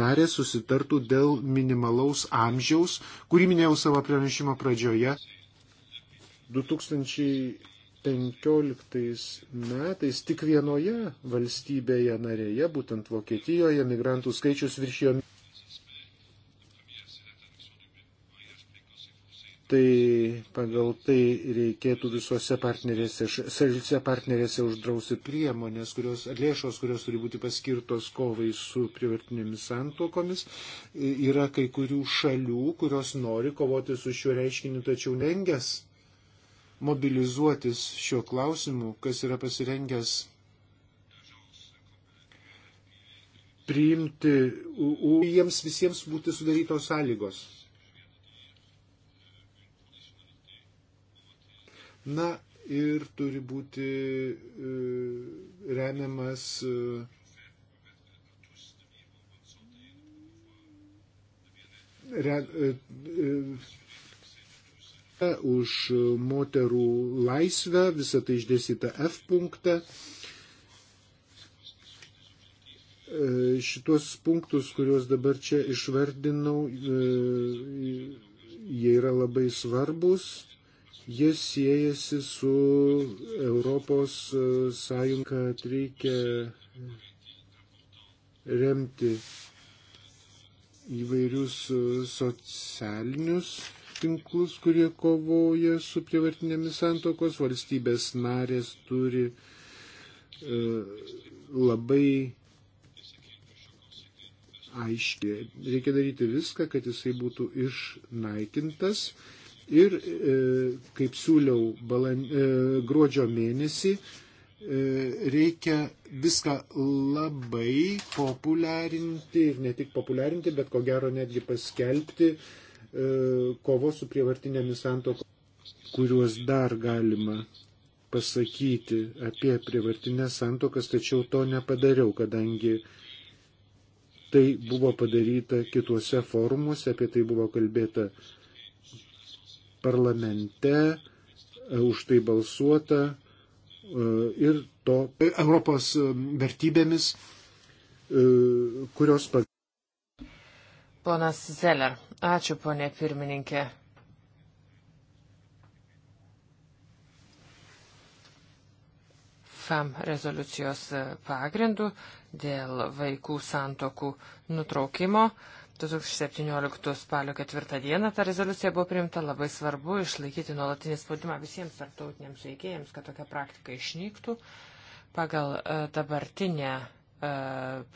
narės susitartų dėl minimalaus amžiaus, kurį minėjau savo pranešimo pradžioje. 2015 metais tik vienoje valstybėje narėje, būtent Vokietijoje, migrantų skaičius viršijo tai pagal tai reikėtų visuose partnerėse, šalyse partnerėse uždrausti priemonės, kurios, lėšos, kurios turi būti paskirtos kovai su privartinėmis santokomis. Yra kai kurių šalių, kurios nori kovoti su šiuo reiškiniu, tačiau lengės mobilizuotis šiuo klausimu, kas yra pasirengęs priimti, jiems visiems būti sudarytos sąlygos. Na ir turi būti e, remiamas e, re, e, už moterų laisvę, visą tai išdėstyta F punktą. Šitos punktus, kuriuos dabar čia išvardinau, jie yra labai svarbus Jis siejasi su Europos e, sąjunga, kad reikia remti įvairius e, socialinius tinklus, kurie kovoja su prievartinėmis santokos. Valstybės narės turi e, labai aiškiai. Reikia daryti viską, kad jisai būtų išnaikintas ir, e, kaip siūliau, balan, e, gruodžio mėnesį e, reikia viską labai populiarinti ir ne tik populiarinti, bet ko gero netgi paskelbti kovos su prievartinėmis santokomis, kuriuos dar galima pasakyti apie prievartinės santokas, tačiau to nepadariau, kadangi tai buvo padaryta kituose forumuose, apie tai buvo kalbėta parlamente, e, už tai balsuota e, ir to e, Europos vertybėmis, kurios. Ponas Zeller, ačiū ponė pirmininkė. FAM rezoliucijos pagrindų dėl vaikų santokų nutraukimo. Uh, 2017 spalio 4 dieną ta rezoliucija buvo priimta labai svarbu išlaikyti nuolatinį spaudimą visiems tarptautiniams veikėjams, kad tokia praktika išnyktų. Pagal e, dabartinę e,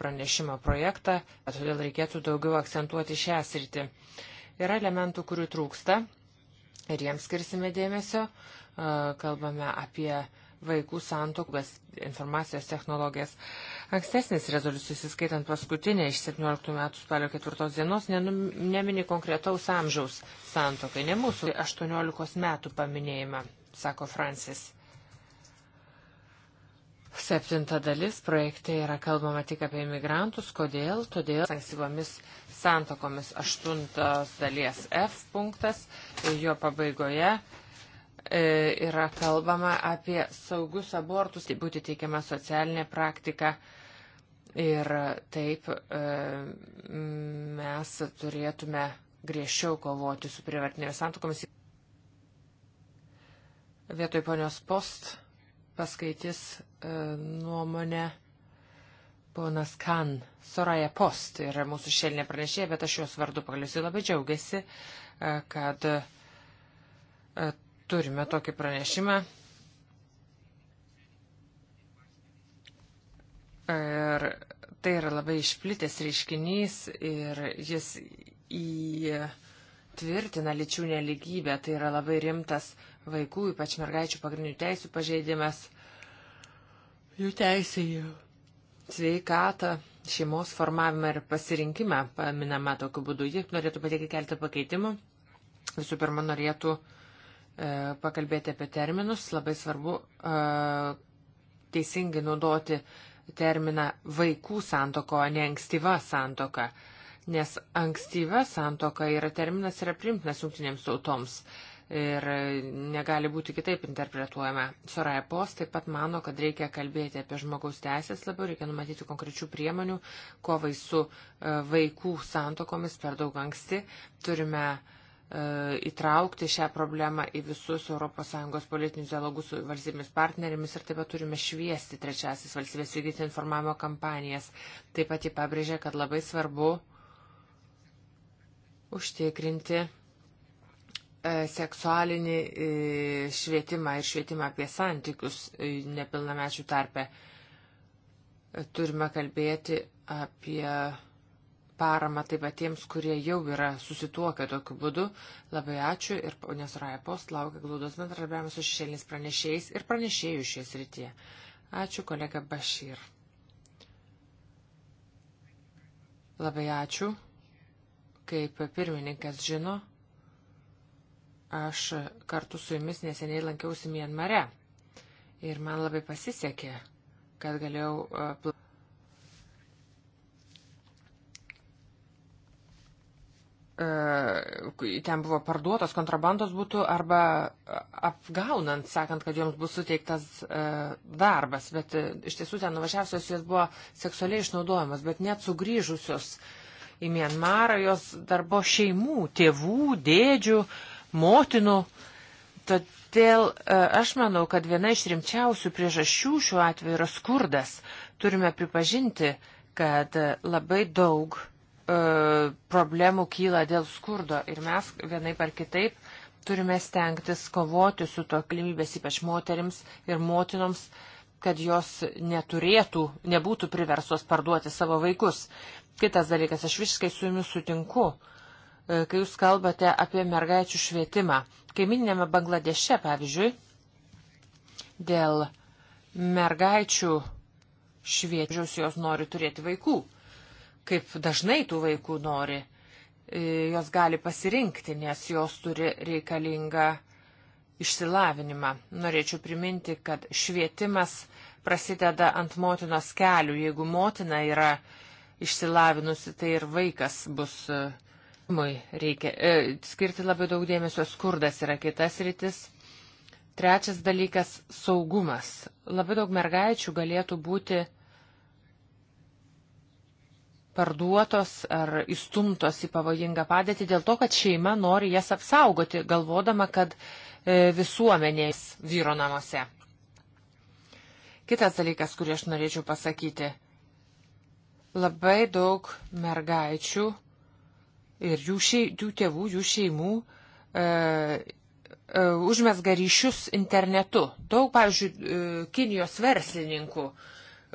pranešimo projektą, todėl reikėtų daugiau akcentuoti šią sritį. Yra elementų, kurių trūksta ir jiems skirsime dėmesio. E, kalbame apie vaikų santokų, informacijos technologijas. Uh, Ankstesnis rezoliucijus, įskaitant paskutinę iš 17 metų spalio 4 dienos, nenum, nemini konkretaus amžiaus santokai, ne mūsų 18 metų paminėjimą, sako Francis. Septinta dalis projekte yra kalbama tik apie imigrantus. Kodėl? Todėl ankstyvomis santokomis aštuntos dalies F punktas, jo pabaigoje E, yra kalbama apie saugus abortus, tai būti teikiama socialinė praktika. Ir taip e, mes turėtume griežčiau kovoti su privartinėmis santukomis. Vietoj ponios post paskaitys e, nuomonę ponas Kan, Soraja Post yra mūsų šelinė pranešėja, bet aš jos vardu pagaliausiai labai džiaugiasi, kad Turime tokį pranešimą. Ir tai yra labai išplitęs reiškinys ir jis įtvirtina lyčių neligybę. Tai yra labai rimtas vaikų, ypač mergaičių pagrindinių teisų pažeidimas, jų teisėjų sveikatą, šeimos formavimą ir pasirinkimą paminama tokiu būdu. Ji norėtų pateikti keletą pakeitimų. Visų pirma, norėtų uh, E, pakalbėti apie terminus. Labai svarbu e, teisingai naudoti terminą vaikų santoko, o ne ankstyva santoka. Nes ankstyva santoka yra terminas yra primtinas jungtinėms tautoms ir negali būti kitaip interpretuojama. Soraya Post taip pat mano, kad reikia kalbėti apie žmogaus teisės labiau, reikia numatyti konkrečių priemonių, kovai su e, vaikų santokomis per daug anksti. Turime uh, E, įtraukti šią problemą į visus ES politinius dialogus su valstybėmis partnerėmis ir taip pat turime šviesti trečiasis valstybės vykdyti informavimo kampanijas. Taip pat jį pabrėžė, kad labai svarbu užtikrinti e, seksualinį e, švietimą ir švietimą apie santykius nepilnamečių tarpe. Turime kalbėti apie paramą taip pat tiems, kurie jau yra susituokę tokiu būdu. Labai ačiū ir ponios Raipos laukia glaudos bendradarbiavimas su šešėlinis pranešėjais ir pranešėjų šioje srityje. Ačiū kolega Bašyr. Labai ačiū. Kaip pirmininkas žino, aš kartu su jumis neseniai lankiausi Mienmare ir man labai pasisekė, kad galėjau. Uh, E, ten buvo parduotos kontrabandos būtų arba apgaunant, sakant, kad joms bus suteiktas e, darbas, bet e, iš tiesų ten nuvažiavusios jos buvo seksualiai išnaudojamos, bet net sugrįžusios į Mienmarą jos darbo šeimų, tėvų, dėdžių, motinų. Todėl aš manau, kad viena iš rimčiausių priežasčių šiuo atveju yra skurdas. Turime pripažinti, kad labai daug E, problemų kyla dėl skurdo ir mes vienaip ar kitaip turime stengtis kovoti su to galimybės ypač moterims ir motinoms, kad jos neturėtų, nebūtų priversos parduoti savo vaikus. Kitas dalykas, aš visiškai su jumis sutinku, e, kai jūs kalbate apie mergaičių švietimą. Kaiminėme Bangladeše, pavyzdžiui, dėl mergaičių šviečiaus jos nori turėti vaikų kaip dažnai tų vaikų nori. E, jos gali pasirinkti, nes jos turi reikalingą išsilavinimą. Norėčiau priminti, kad švietimas prasideda ant motinos kelių. Jeigu motina yra išsilavinusi, tai ir vaikas bus. E, reikia e, skirti labai daug dėmesio, skurdas yra kitas rytis, Trečias dalykas - saugumas. Labai daug mergaičių galėtų būti parduotos ar įstumtos į pavojingą padėtį dėl to, kad šeima nori jas apsaugoti, galvodama, kad e, visuomenės vyro namuose. Kitas dalykas, kurį aš norėčiau pasakyti. Labai daug mergaičių ir jų, šei, jų tėvų, jų šeimų e, e, užmesga ryšius internetu. Daug, pavyzdžiui, e, Kinijos verslininkų e,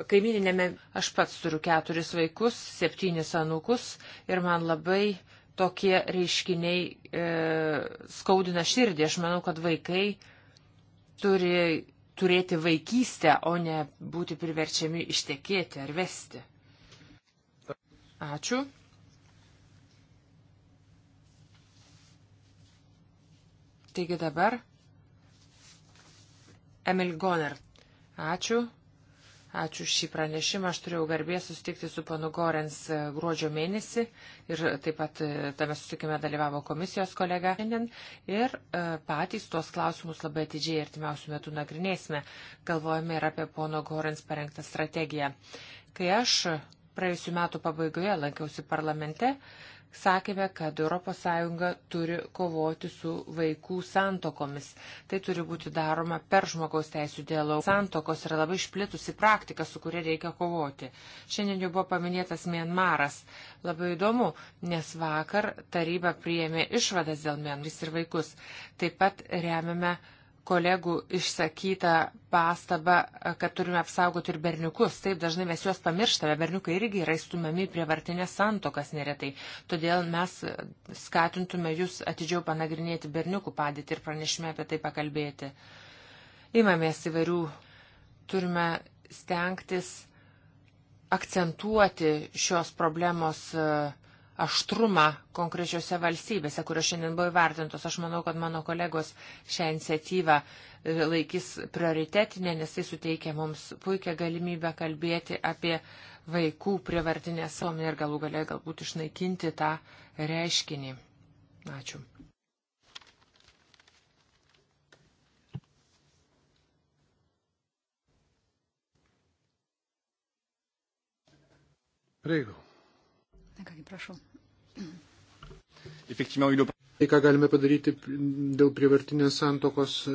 Kaimininėme aš pats turiu keturis vaikus, septynis anūkus ir man labai tokie reiškiniai e, skaudina širdį. Aš manau, kad vaikai turi turėti vaikystę, o ne būti priverčiami ištekėti ar vesti. Ačiū. Taigi dabar Emil Goner. Ačiū. Ačiū šį pranešimą. Aš turėjau garbės susitikti su panu Gorens e, gruodžio mėnesį ir taip pat e, tame susitikime dalyvavo komisijos kolega šiandien. Ir e, patys tuos klausimus labai atidžiai artimiausių metų nagrinėsime. Galvojame ir apie pono Gorens parengtą strategiją. Kai aš praėjusiu metu pabaigoje lankiausi parlamente, sakėme, kad ES turi kovoti su vaikų santokomis. Tai turi būti daroma per žmogaus teisų dialogą. Santokos yra labai išplitusi praktika, su kuria reikia kovoti. Šiandien jau buvo paminėtas Mienmaras. Labai įdomu, nes vakar taryba priėmė išvadas dėl Mienmaris ir vaikus. Taip pat remiame kolegų išsakytą pastabą, kad turime apsaugoti ir berniukus. Taip dažnai mes juos pamirštame. Berniukai irgi yra įstumiami prie vartinės santokas neretai. Todėl mes skatintume jūs atidžiau panagrinėti berniukų padėtį ir pranešime apie tai pakalbėti. Imamės įvairių. Turime stengtis akcentuoti šios problemos uh, aštrumą konkrečiose valstybėse, kurios šiandien buvo įvertintos. Aš manau, kad mano kolegos šią iniciatyvą e, laikys prioritetinė, nes tai suteikia mums puikią galimybę kalbėti apie vaikų prievartinę suomenę ir galų galia galbūt išnaikinti tą reiškinį. Ačiū. Prego. Kągi, prašau. Tai, ką galime padaryti dėl privartinės santokos e,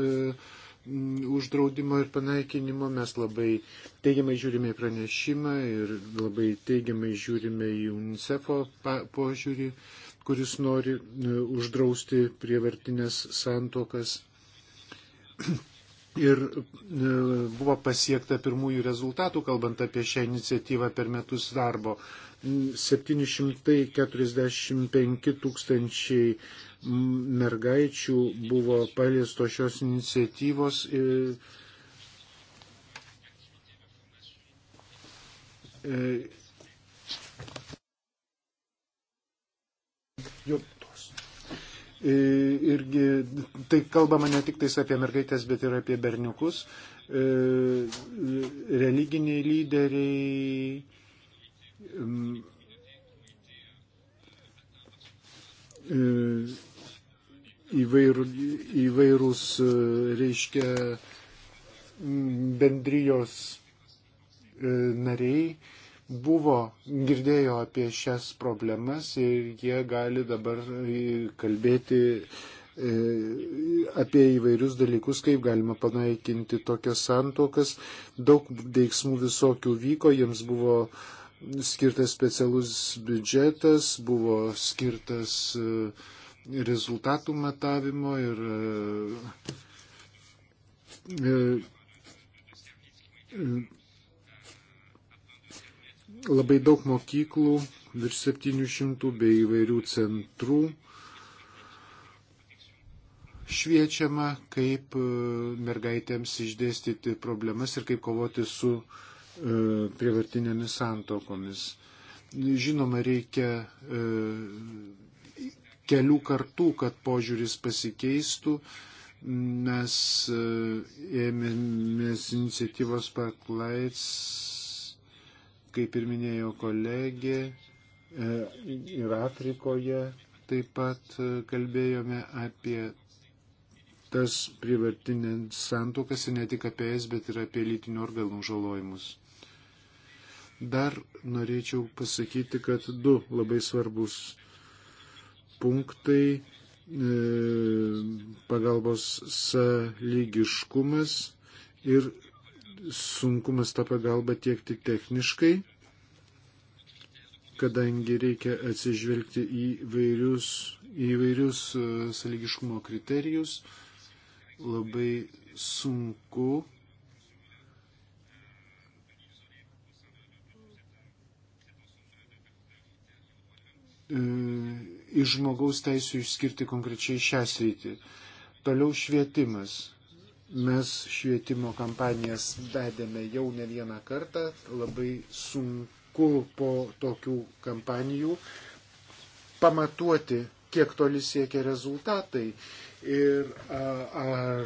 uždraudimo ir panaikinimo, mes labai teigiamai žiūrime į pranešimą ir labai teigiamai žiūrime į UNICEF'o požiūrį, kuris nori e, uždrausti privartinės santokas ir e, buvo pasiekta pirmųjų rezultatų, kalbant apie šią iniciatyvą per metus darbo. 745 tūkstančiai mergaičių buvo paliesto šios iniciatyvos. E, e, jo, irgi tai kalbama ne tik tais apie mergaitės, bet ir apie berniukus. E, religiniai lyderiai. E, Įvair, įvairūs, e, reiškia, bendrijos nariai buvo, girdėjo apie šias problemas ir jie gali dabar kalbėti e, apie įvairius dalykus, kaip galima panaikinti tokias santokas. Daug veiksmų visokių vyko, jiems buvo skirtas specialus biudžetas, buvo skirtas e, rezultatų matavimo ir e, labai daug mokyklų, virš 700 bei įvairių centrų šviečiama, kaip e, mergaitėms išdėstyti problemas ir kaip kovoti su e, prievartinėmis santokomis. Žinoma, reikia e, kelių kartų, kad požiūris pasikeistų. Mes ėmėmės iniciatyvos paklaits kaip ir minėjo kolegė, e, ir Afrikoje taip pat e, kalbėjome apie tas privartinės santokas ir ne tik apie es, bet ir apie lytinių organų žalojimus. Dar norėčiau pasakyti, kad du labai svarbus punktai e, - pagalbos sąlygiškumas ir sunkumas tą pagalbą tiekti techniškai, kadangi reikia atsižvelgti į vairius, į vairius e, sąlygiškumo kriterijus, labai sunku e, iš žmogaus teisų išskirti konkrečiai šią sritį. Toliau švietimas. Mes švietimo kampanijas vedėme jau ne vieną kartą, labai sunku po tokių kampanijų pamatuoti, kiek toli siekia rezultatai ir ar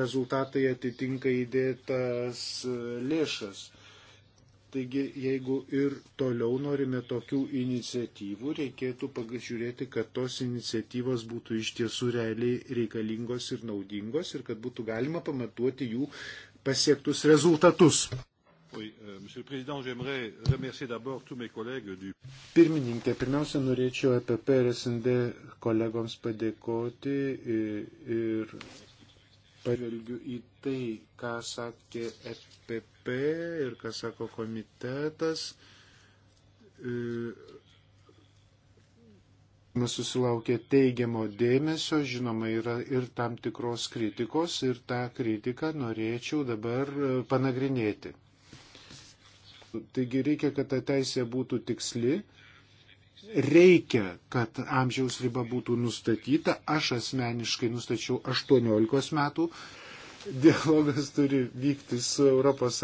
rezultatai atitinka įdėtas lėšas. Taigi, jeigu ir toliau norime tokių iniciatyvų, reikėtų pagažiūrėti, kad tos iniciatyvos būtų iš tiesų realiai reikalingos ir naudingos ir kad būtų galima pamatuoti jų pasiektus rezultatus. Oui, euh, du... Pirmininkė, pirmiausia, norėčiau EPP ir SND kolegoms padėkoti ir pažvelgiu į tai, ką sakė EPP ir ką sako komitetas. E, mes susilaukė teigiamo dėmesio, žinoma, yra ir tam tikros kritikos ir tą kritiką norėčiau dabar e, panagrinėti. Taigi reikia, kad ta teisė būtų tiksli, reikia, kad amžiaus riba būtų nustatyta. Aš asmeniškai nustačiau 18 metų. Dialogas turi vykti su ES,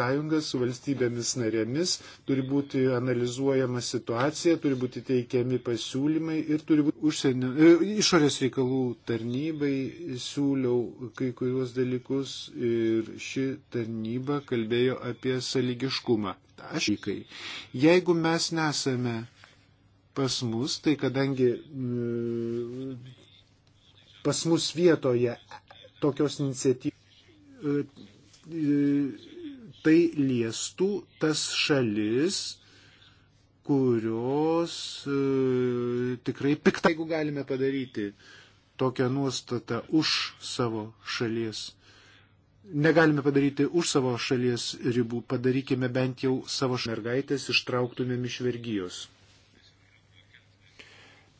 su valstybėmis narėmis, turi būti analizuojama situacija, turi būti teikiami pasiūlymai ir turi būti užsienio, e, išorės reikalų tarnybai siūliau kai kuriuos dalykus ir ši tarnyba kalbėjo apie saligiškumą. Aš įkai. Jeigu mes nesame pas mus, tai kadangi e, pas mus vietoje tokios iniciatyvos e, e, tai liestų tas šalis, kurios tikrai piktai, jeigu galime padaryti tokią nuostatą už savo šalies negalime padaryti už savo šalies ribų, padarykime bent jau savo mergaitės ištrauktumėm iš vergyjos.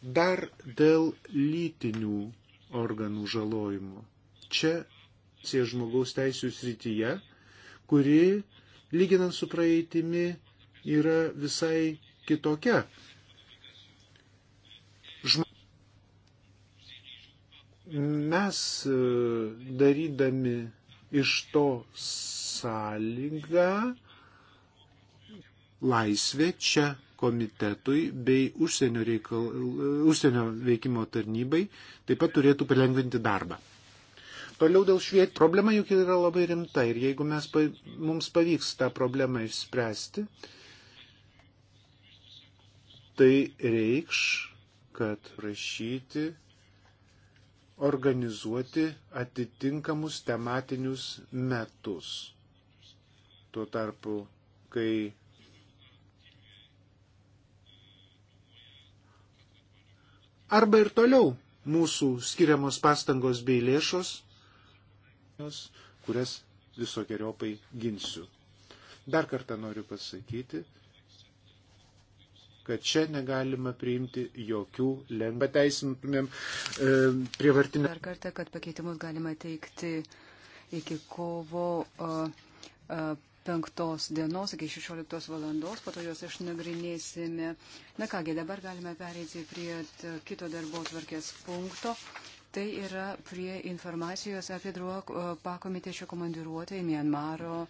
Dar dėl lytinių organų žalojimo. Čia sie žmogaus teisų srityje, kuri, lyginant su praeitimi, yra visai kitokia. Žm... Mes e, darydami iš to sąlygą laisvė čia komitetui bei užsienio, reikal, užsienio veikimo tarnybai taip pat turėtų palengvinti darbą. Toliau dėl švietimo. Problema juk yra labai rimta ir jeigu mes, mums pavyks tą problemą išspręsti, tai reikš, kad rašyti, organizuoti atitinkamus tematinius metus. Tuo tarpu, kai Arba ir toliau mūsų skiriamos pastangos bei lėšos, kurias visokiojopai ginsiu. Dar kartą noriu pasakyti, kad čia negalima priimti jokių lengvų pateisintumėm e, prievartinę. Dar kartą, kad pakeitimus galima teikti iki kovo. E, e, 5 dienos iki 16 valandos, po to juos išnagrinėsime. Na kągi, dabar galime pereiti prie kito darbo tvarkės punkto. Tai yra prie informacijos apie druok pakomitečio komandiruotę į Mianmaro.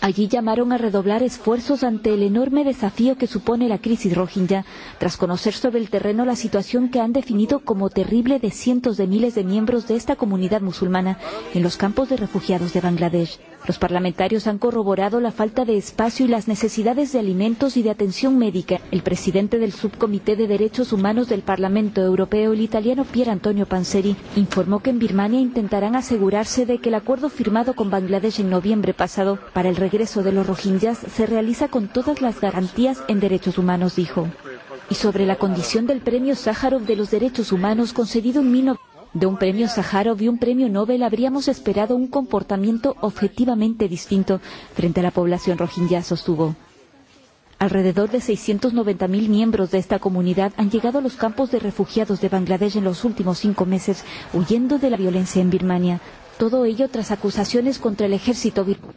Allí llamaron a redoblar esfuerzos ante el enorme desafío que supone la crisis rohingya, tras conocer sobre el terreno la situación que han definido como terrible de cientos de miles de miembros de esta comunidad musulmana en los campos de refugiados de Bangladesh. Los parlamentarios han corroborado la falta de espacio y las necesidades de alimentos y de atención médica. El presidente del Subcomité de Derechos Humanos del Parlamento Europeo, el italiano Pier Antonio Panzeri, informó que en Birmania intentarán asegurarse de que el acuerdo firmado con Bangladesh en noviembre pasado para el regreso de los rohingyas se realiza con todas las garantías en derechos humanos, dijo. Y sobre la condición del premio Sájarov de los derechos humanos concedido en 1990 de un premio Sájarov y un premio Nobel habríamos esperado un comportamiento objetivamente distinto frente a la población rohingya, sostuvo. Alrededor de 690.000 miembros de esta comunidad han llegado a los campos de refugiados de Bangladesh en los últimos cinco meses, huyendo de la violencia en Birmania. Todo ello tras acusaciones contra el ejército birmano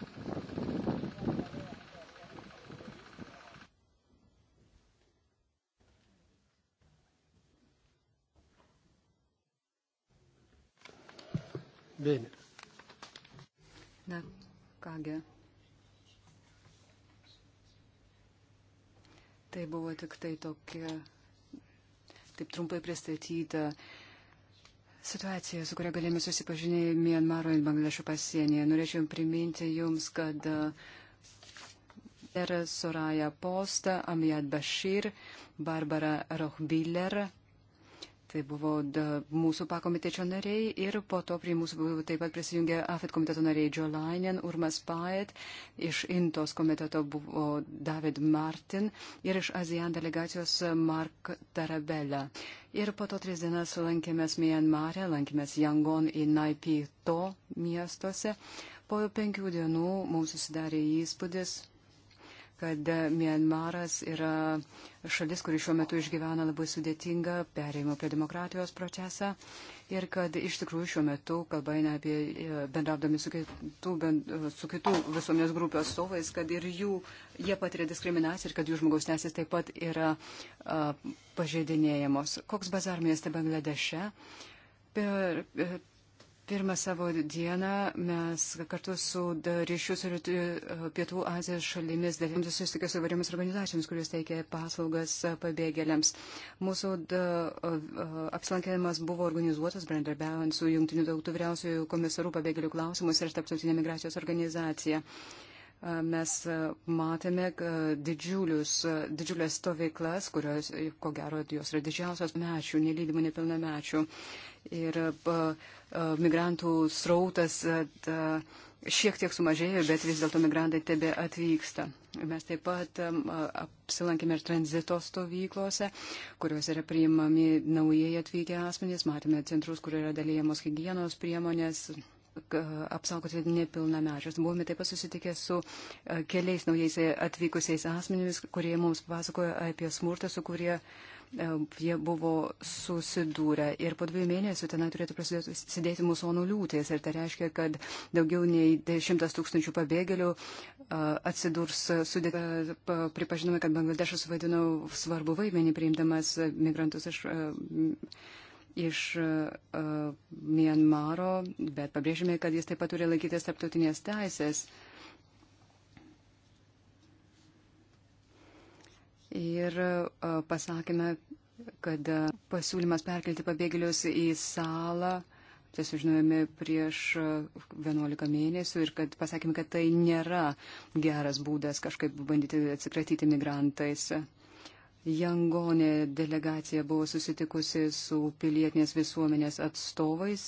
Bene. Na, kągi. Tai buvo tik tai tokia, taip trumpai pristatyta situacija, su kuria galėjome susipažinę Mianmaro ir Bangladešo pasienyje. Norėčiau priminti jums, kad e, Soraya Posta, Amjad Bashir, Barbara Rochbiller Tai buvo da, mūsų pakomitečio nariai ir po to prie mūsų taip pat prisijungė AFET komiteto nariai Joe Lainen, Urmas Paet, iš Intos komiteto buvo David Martin ir iš ASEAN delegacijos Mark Tarabella. Ir po to tris dienas lankėmės Myanmarė, e, lankėmės Yangon ir Naipito miestuose. Po penkių dienų mums susidarė įspūdis kad Mienmaras yra šalis, kuri šiuo metu išgyvena labai sudėtingą perėjimo prie demokratijos procesą ir kad iš tikrųjų šiuo metu, kalba eina apie e, bendravdami su kitų, bend, su kitų visuomenės grupių atstovais, kad ir jų, jie patiria diskriminaciją ir kad jų žmogaus teisės taip pat yra a, pažeidinėjamos. Koks bazar mieste Bangladeše? Per, per Pirmą savo dieną mes kartu su ryšių su e, Pietų Azijos šalimis dalyvėmės susitikę su įvairiomis organizacijomis, kurios teikia paslaugas e, pabėgėliams. Mūsų e, apsilankėjimas buvo organizuotas bendradarbiaujant su Junktinių tautų vyriausiojų komisarų pabėgėlių klausimus ir Tarptautinė migracijos organizacija. Uh, mes e, matėme e, didžiulius, e, didžiulės stovyklas, kurios, ko gero, jos yra didžiausios mečių, nelydimų nepilnamečių. Ir migrantų srautas šiek tiek sumažėjo, bet vis dėlto migrantai tebe atvyksta. Mes taip pat apsilankėme ir tranzito stovyklose, kuriuose yra priimami naujai atvykę asmenys, matėme centrus, kur yra dalyjamos hygienos priemonės, apsaugoti nepilnamečius. Buvome taip pat susitikę su e, keliais naujais atvykusiais asmenimis, kurie mums pasakojo apie smurtą, su kurie e, jie buvo susidūrę. Ir po dviejų mėnesių tenai turėtų prasidėti musonų liūtis. Ir tai reiškia, kad daugiau nei šimtas tūkstančių pabėgėlių e, atsidurs sudėti. Pripažinome, kad Bangladešas vaidino svarbu vaidmenį priimdamas migrantus iš iš uh, e, e, Mienmaro, bet pabrėžime, kad jis taip pat turi laikytis tarptautinės teisės. Ir uh, pasakėme, kad uh, pasiūlymas perkelti pabėgėlius į salą uh, tai sužinojome prieš 11 mėnesių ir kad pasakėme, kad tai nėra geras būdas kažkaip bandyti atsikratyti migrantais. Jangonė delegacija buvo susitikusi su pilietinės visuomenės atstovais.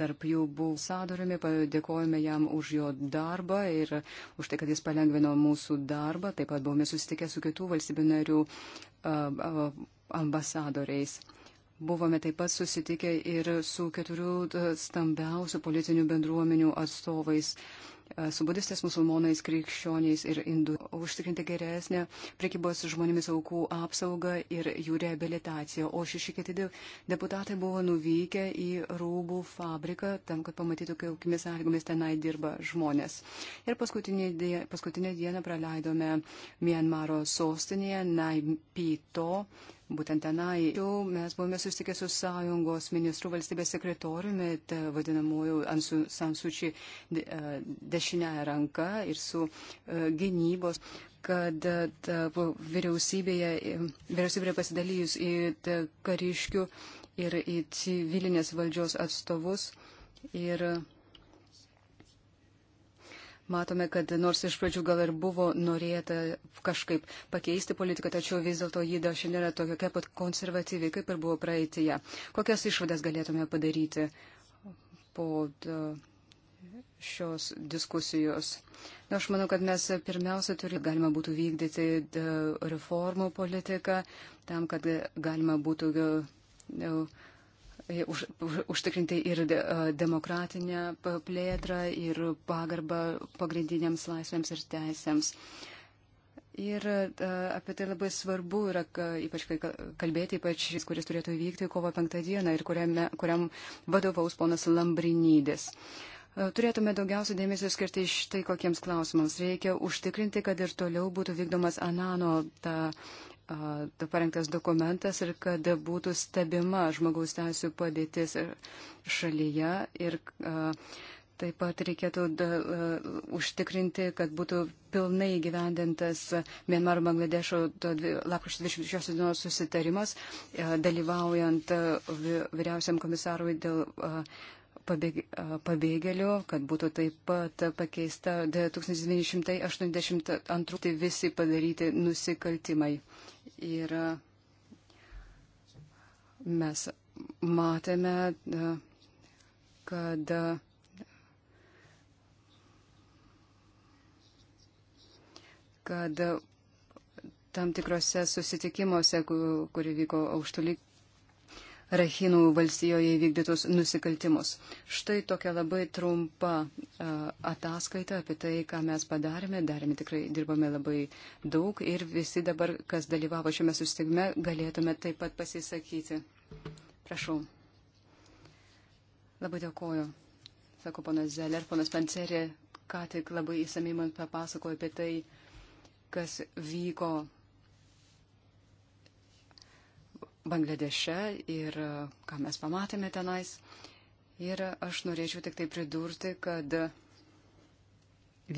Tarp jų buvo sadoriumi, padėkojame jam už jo darbą ir už tai, kad jis palengvino mūsų darbą. Taip pat buvome susitikę su kitų valstybių narių ambasadoriais. Buvome taip pat susitikę ir su keturių stambiausių politinių bendruomenių atstovais E, su budistais, musulmonais, krikščioniais ir indų, užtikrinti geresnę prekybos žmonėmis aukų apsaugą ir jų reabilitaciją. O šeši kiti deputatai buvo nuvykę į rūbų fabriką tam, kad pamatytų, kokiamis sąlygomis tenai dirba žmonės. Ir paskutinį, die, paskutinį dieną praleidome Mienmaro sostinėje Naipito būtent tenai. Jau mes buvome susitikę su sąjungos ministru valstybės sekretoriumi, vadinamuoju Sansučiai e, dešinėje ranka ir su e, gynybos kad e, vyriausybėje, vyriausybėje pasidalyjus į kariškių ir į civilinės valdžios atstovus ir Matome, kad nors iš pradžių gal ir buvo norėta kažkaip pakeisti politiką, tačiau vis dėlto ji dar šiandien yra tokia pat konservatyvi, kaip ir buvo praeitėje. Kokias išvadas galėtume padaryti po e, šios diskusijos? Na, aš manau, kad mes pirmiausia turime, galima būtų vykdyti e, reformų politiką, tam, kad galima būtų. Uh, E, už, už, užtikrinti ir de, e, demokratinę plėtrą, ir pagarbą pagrindiniams laisvėms ir teisėms. Ir e, apie tai labai svarbu yra, ypač kai kalbėti, ypač šis, kuris turėtų įvykti kovo penktą dieną ir kuriame, kuriam vadovaus ponas Lambrinydis. Turėtume daugiausia dėmesio skirti štai kokiems klausimams. Reikia užtikrinti, kad ir toliau būtų vykdomas Anano ta parengtas dokumentas ir kad būtų stebima žmogaus teisų padėtis šalyje ir taip pat reikėtų da, užtikrinti, kad būtų pilnai įgyvendintas Mienmaro Bangladešo lapkričio 26 dienos susitarimas, dalyvaujant vyriausiam komisarui dėl pabėgėlių, kad būtų taip pat pakeista 1982 tai visi padaryti nusikaltimai. Ir mes matėme, e, kad kad tam tikrose susitikimuose, kur, kur vyko aukštų lygių Rahinų valstijoje įvykdytus nusikaltimus. Štai tokia labai trumpa ataskaita apie tai, ką mes padarėme. Darėme tikrai, dirbame labai daug ir visi dabar, kas dalyvavo šiame sustigme, galėtume taip pat pasisakyti. Prašau. Labai dėkoju. Sako ponas Zeller, ponas Pancerė, ką tik labai įsamiai man papasakojo apie tai, kas vyko Bangladeše ir e, ką mes pamatėme tenais. Ir aš norėčiau tik tai pridurti, kad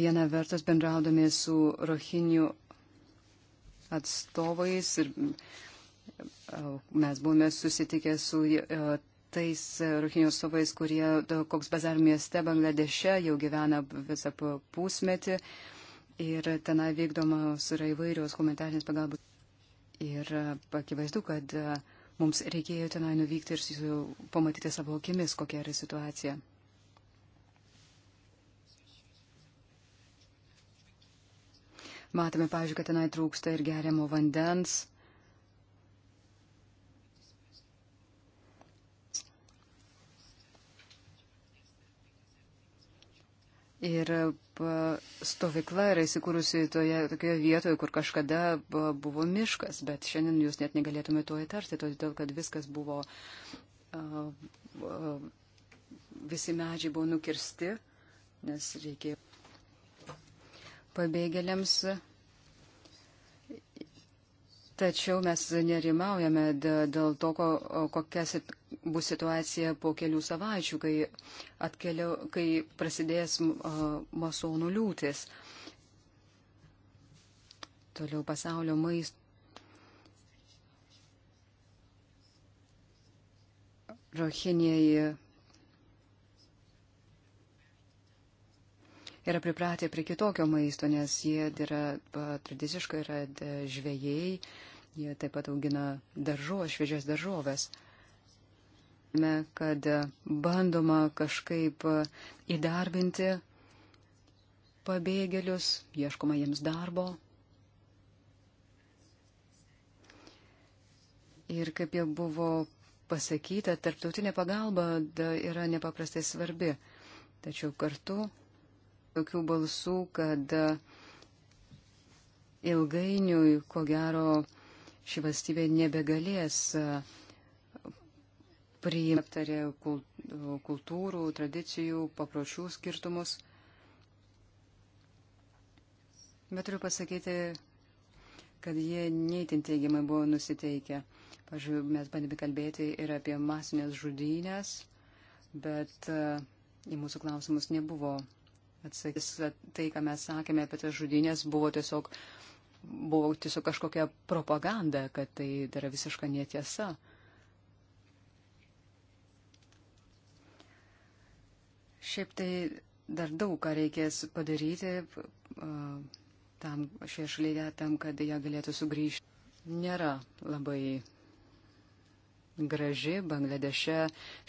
viena vertus bendraudami su rohinių atstovais ir e, mes buvome susitikę su e, tais rohinių atstovais, kurie koks bazar mieste Bangladeše jau gyvena visą pusmetį ir tenai vykdomos yra įvairios komentarinės pagalbos. Ir e, akivaizdu, kad e, mums reikėjo tenai nuvykti ir pamatyti savo akimis, kokia yra situacija. Matome, pavyzdžiui, kad tenai trūksta ir geriamo vandens, Ir stovykla yra įsikūrusi toje tokioje vietoje, kur kažkada buvo miškas, bet šiandien jūs net negalėtumėte to įtarti, todėl kad viskas buvo, visi medžiai buvo nukirsti, nes reikėjo pabėgėliams. Tačiau mes nerimaujame dėl to, kokia, bus situacija po kelių savaičių, kai, atkelio, kai prasidės masonų liūtis. Toliau pasaulio maisto. Rohinieji yra pripratę prie kitokio maisto, nes jie yra tradiciškai yra žvėjai, jie taip pat augina daržovės, šviežias daržovės. Daržo, kad bandoma kažkaip įdarbinti pabėgėlius, ieškoma jiems darbo. Ir kaip jau buvo pasakyta, tarptautinė pagalba yra nepaprastai svarbi. Tačiau kartu tokių balsų, kad ilgainiui, ko gero, ši valstybė nebegalės uh, priimti, aptarė kultūrų, tradicijų, papročių skirtumus. Bet turiu pasakyti, kad jie neįtin teigiamai buvo nusiteikę. Pavyzdžiui, mes bandėme kalbėti ir apie masinės žudynės, bet e, į mūsų klausimus nebuvo atsakys. Tai, ką mes sakėme apie tas žudynės, buvo tiesiog, buvo tiesiog kažkokia propaganda, kad tai yra visiška netiesa. Šiaip tai dar daug ką reikės padaryti tam šioje šalyje, tam, kad ją galėtų sugrįžti. Nėra labai graži. Bangladeše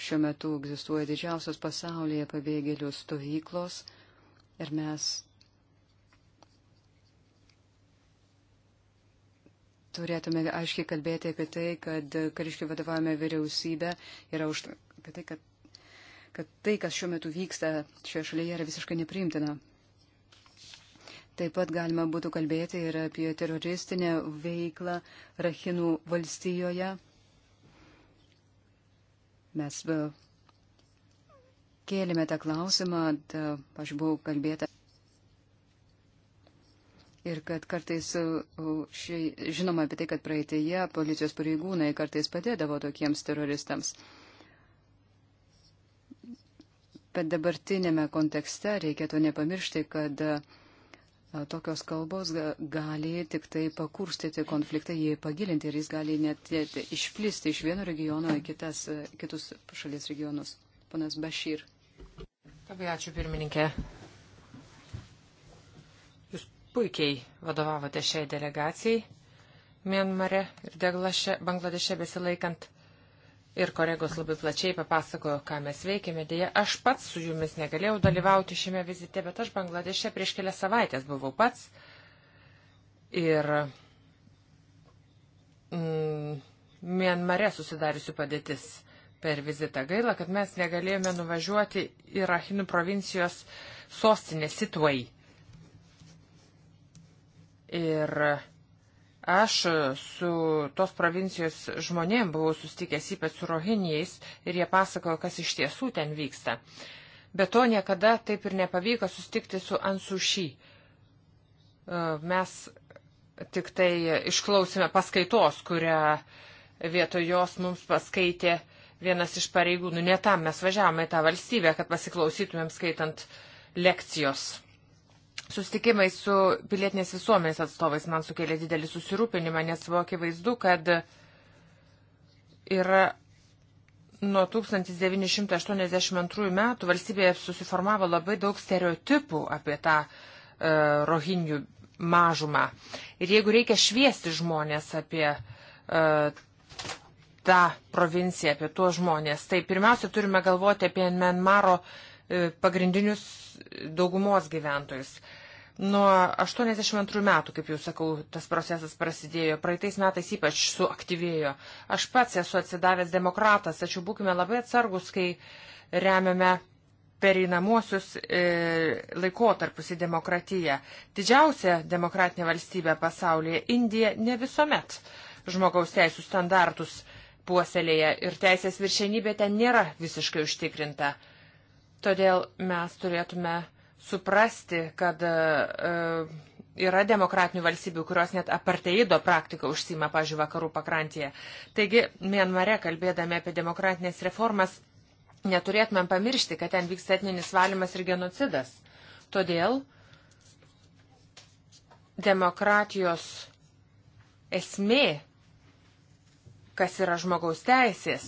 šiuo metu egzistuoja didžiausios pasaulyje pabėgėlių stovyklos ir mes turėtume aiškiai kalbėti apie tai, kad kariškių vadovavime vyriausybė yra už tai, kad kad tai, kas šiuo metu vyksta šioje šalyje, yra visiškai nepriimtina. Taip pat galima būtų kalbėti ir apie teroristinę veiklą Rahinų valstijoje. Mes e, kėlėme tą klausimą, ta, aš buvau kalbėta. Ir kad kartais, e, ši, žinoma apie tai, kad praeitėje policijos pareigūnai kartais padėdavo tokiems teroristams. Uh, Bet dabartinėme kontekste reikėtų nepamiršti, kad tokios kalbos gali tik tai pakurstyti konfliktą, jį pagilinti ir jis gali net išplisti iš vieno regiono į kitas, kitus šalies regionus. Ponas Bashir. Labai ačiū pirmininkė. Jūs puikiai vadovavote šiai delegacijai Mienmare ir Deglaše, Bangladeše besilaikant ir kolegos labai plačiai papasakojo, ką mes veikėme. Dėja, aš pats su jumis negalėjau dalyvauti šiame vizite, bet aš Bangladeše prieš kelias savaitės buvau pats. Ir mm, Mienmare susidariusi padėtis per vizitą. Gaila, kad mes negalėjome nuvažiuoti į Rahinų provincijos sostinę Situai. Ir uh, Aš su tos provincijos žmonėm buvau sustikęs ypač su rohinijais ir jie pasakojo, kas iš tiesų ten vyksta. Be to niekada taip ir nepavyko sustikti su Ansuši. E, mes tik tai išklausėme paskaitos, kurią vietoj jos mums paskaitė vienas iš pareigūnų. Ne tam mes važiavome į tą valstybę, kad pasiklausytumėm skaitant lekcijos. Sustikimai su pilietinės visuomenės atstovais man sukėlė didelį susirūpinimą, nes buvo akivaizdu, kad yra nuo 1982 metų valstybėje susiformavo labai daug stereotipų apie tą e, rohinių mažumą. Ir jeigu reikia šviesti žmonės apie e, tą provinciją, apie tuos žmonės, tai pirmiausia turime galvoti apie Menmaro e, pagrindinius daugumos gyventojus. E, Nuo 82 metų, kaip jau sakau, tas procesas prasidėjo. Praeitais metais ypač suaktyvėjo. Aš pats esu atsidavęs demokratas, tačiau būkime labai atsargus, kai remiame pereinamuosius e, laikotarpius į demokratiją. Didžiausia demokratinė valstybė pasaulyje - Indija - ne visuomet žmogaus teisų standartus puoselėje ir teisės viršenybė ten nėra visiškai užtikrinta. Todėl mes turėtume suprasti, kad e, yra demokratinių valstybių, kurios net aparteido praktiką užsima, pažiūrėjau, vakarų pakrantėje. Taigi, Mienmare, kalbėdami apie demokratinės reformas, neturėtumėm pamiršti, kad ten vyksta etninis valymas ir genocidas. Todėl demokratijos esmė, kas yra žmogaus teisės,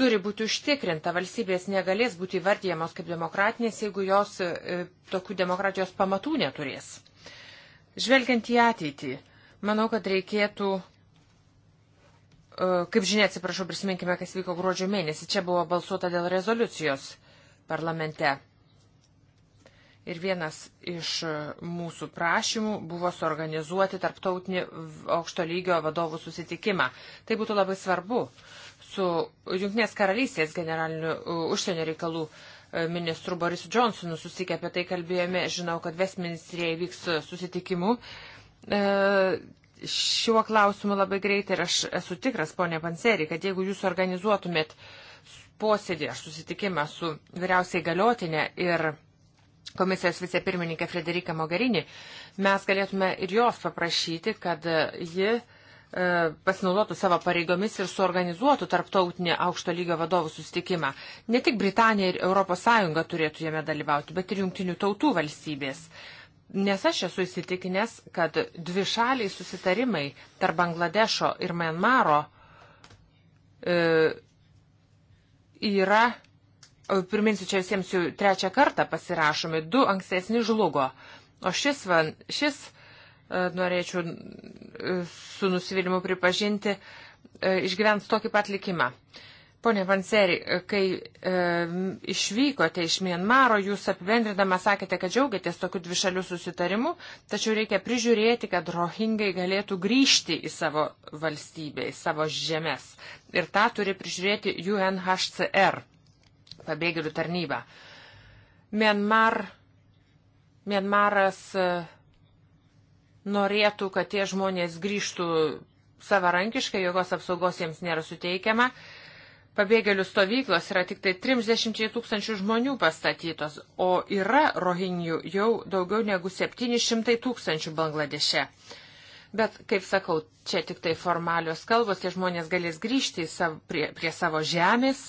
turi būti užtikrinta. Valstybės negalės būti įvardyjamos kaip demokratinės, jeigu jos e, tokių demokratijos pamatų neturės. Žvelgiant į ateitį, manau, kad reikėtų, e, kaip žinia, atsiprašau, prisiminkime, kas vyko gruodžio mėnesį. Čia buvo balsuota dėl rezoliucijos parlamente. Ir vienas iš e, mūsų prašymų buvo suorganizuoti tarptautinį aukšto lygio vadovų susitikimą. Tai būtų labai svarbu. Uh, su Junktinės karalystės generaliniu užsienio reikalų e, ministru Borisu Johnsonu susitikę apie tai kalbėjome. Žinau, kad Vesminstrėje vyks susitikimų e, šiuo klausimu labai greitai ir aš esu tikras, ponė Panseri, kad jeigu jūs organizuotumėt posėdį, aš susitikimą su vyriausiai galiotinė ir komisijos vicepirmininkė Frederika Mogarini, mes galėtume ir jos paprašyti, kad ji uh, E, pasinaudotų savo pareigomis ir suorganizuotų tarptautinį aukšto lygio vadovų sustikimą. Ne tik Britanija ir ES turėtų jame dalyvauti, bet ir jungtinių tautų valstybės. Nes aš esu įsitikinęs, kad dvi šaliai susitarimai tarp Bangladešo ir Myanmaro e, yra, priminsiu čia visiems jau trečią kartą pasirašomi, du ankstesni žlugo. O šis, van, šis norėčiau e, su nusivylimu pripažinti, e, išgyvens tokį pat likimą. Pone Vanseri, e, kai e, išvykote iš Mienmaro, jūs apibendrindama sakėte, kad džiaugiatės tokiu dvišaliu susitarimu, tačiau reikia prižiūrėti, kad rohingai galėtų grįžti į savo valstybę, į savo žemės. Ir tą turi prižiūrėti UNHCR, pabėgėlių tarnyba. Mienmar, Mienmaras. E, norėtų, kad tie žmonės grįžtų savarankiškai, jokios apsaugos jiems nėra suteikiama. Pabėgėlių stovyklos yra tik tai 30 tūkstančių žmonių pastatytos, o yra rohinių jau daugiau negu 700 tūkstančių Bangladeše. Bet, kaip sakau, čia tik tai formalios kalbos, tie žmonės galės grįžti savo, prie, prie savo žemės,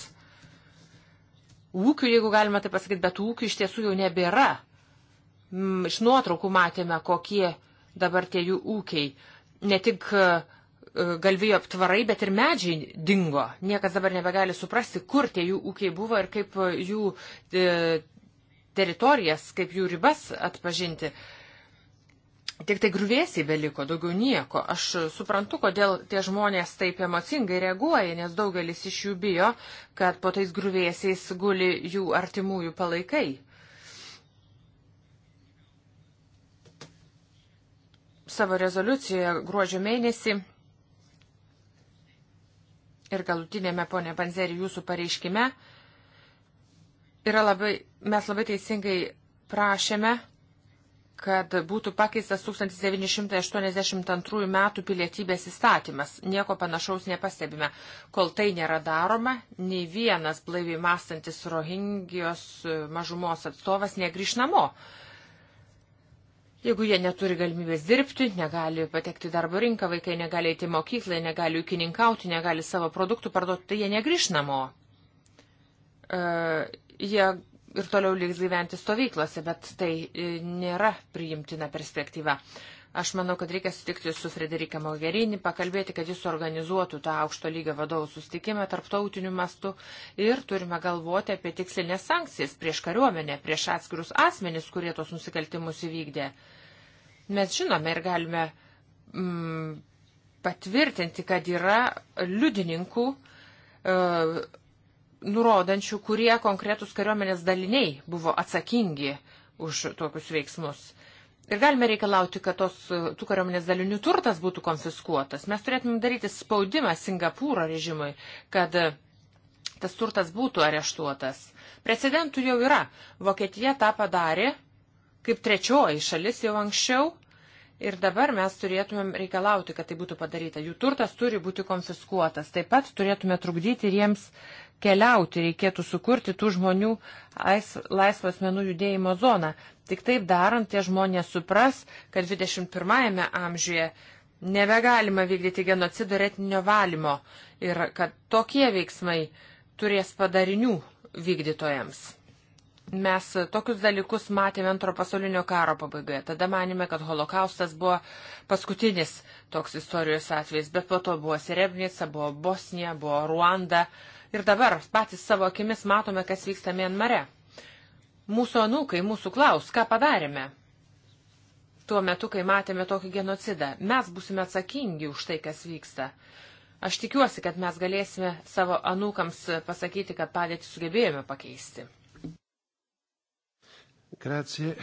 ūkių, jeigu galima tai pasakyti, bet ūkių iš tiesų jau nebėra. Mm, iš nuotraukų matėme, kokie dabar tie jų ūkiai. Ne tik e, galvijų aptvarai, bet ir medžiai dingo. Niekas dabar nebegali suprasti, kur tie jų ūkiai buvo ir kaip jų e, teritorijas, kaip jų ribas atpažinti. Tik tai grūvėsiai beliko, daugiau nieko. Aš suprantu, kodėl tie žmonės taip emocingai reaguoja, nes daugelis iš jų bijo, kad po tais grūvėsiais guli jų artimųjų palaikai. savo rezoliucijoje gruodžio mėnesį ir galutinėme, ponė Panzerį, jūsų pareiškime, yra labai, mes labai teisingai prašėme, kad būtų pakeistas 1982 metų pilietybės įstatymas. Nieko panašaus nepastebime. Kol tai nėra daroma, nei vienas blaiviai mąstantis Rohingijos mažumos atstovas negrįž namo. Uh, Jeigu jie neturi galimybės dirbti, negali patekti į darbo rinką, vaikai negali eiti į mokyklą, negali ūkininkauti, negali savo produktų parduoti, tai jie negrįž namo. Uh, jie ir toliau liks gyventi stovyklose, bet tai e, nėra priimtina perspektyva. Uh, Aš manau, kad reikia sutikti su Frederike Mogherini, pakalbėti, kad jis organizuotų tą aukšto lygio vadovų sustikimą tarptautiniu mastu ir turime galvoti apie tikslinės sankcijas prieš kariuomenę, prieš atskirus asmenis, kurie tos nusikaltimus įvykdė. Mes žinome ir galime mm, patvirtinti, kad yra liudininkų, e, nurodančių, kurie konkretus kariuomenės daliniai buvo atsakingi už tokius veiksmus. Ir galime reikalauti, kad tos, tų kariuomenės dalinių turtas būtų konfiskuotas. Mes turėtume daryti spaudimą Singapūro režimui, kad e, tas turtas būtų areštuotas. Precedentų jau yra. Vokietija tą padarė kaip trečioji šalis jau anksčiau. Ir dabar mes turėtumėm reikalauti, kad tai būtų padaryta. Jų turtas turi būti konfiskuotas. Taip pat turėtume trukdyti jiems keliauti, reikėtų sukurti tų žmonių laisvas menų judėjimo zoną. Tik taip darant, tie žmonės supras, kad 21-ame amžiuje nebegalima vykdyti genocido retinio valymo ir kad tokie veiksmai turės padarinių vykdytojams. Mes tokius dalykus matėme antro pasaulinio karo pabaigoje. Tada manėme, kad holokaustas buvo paskutinis toks istorijos atvejis, bet po to buvo Serebnica, buvo Bosnija, buvo Ruanda, uh, ir dabar patys savo akimis matome, kas vyksta Mienmare. Mūsų anūkai mūsų klaus, ką padarėme. Tuo metu, kai matėme tokį genocidą, mes būsime atsakingi už tai, kas vyksta. Aš tikiuosi, kad mes galėsime savo anūkams pasakyti, kad padėtį sugebėjome pakeisti. Grazie.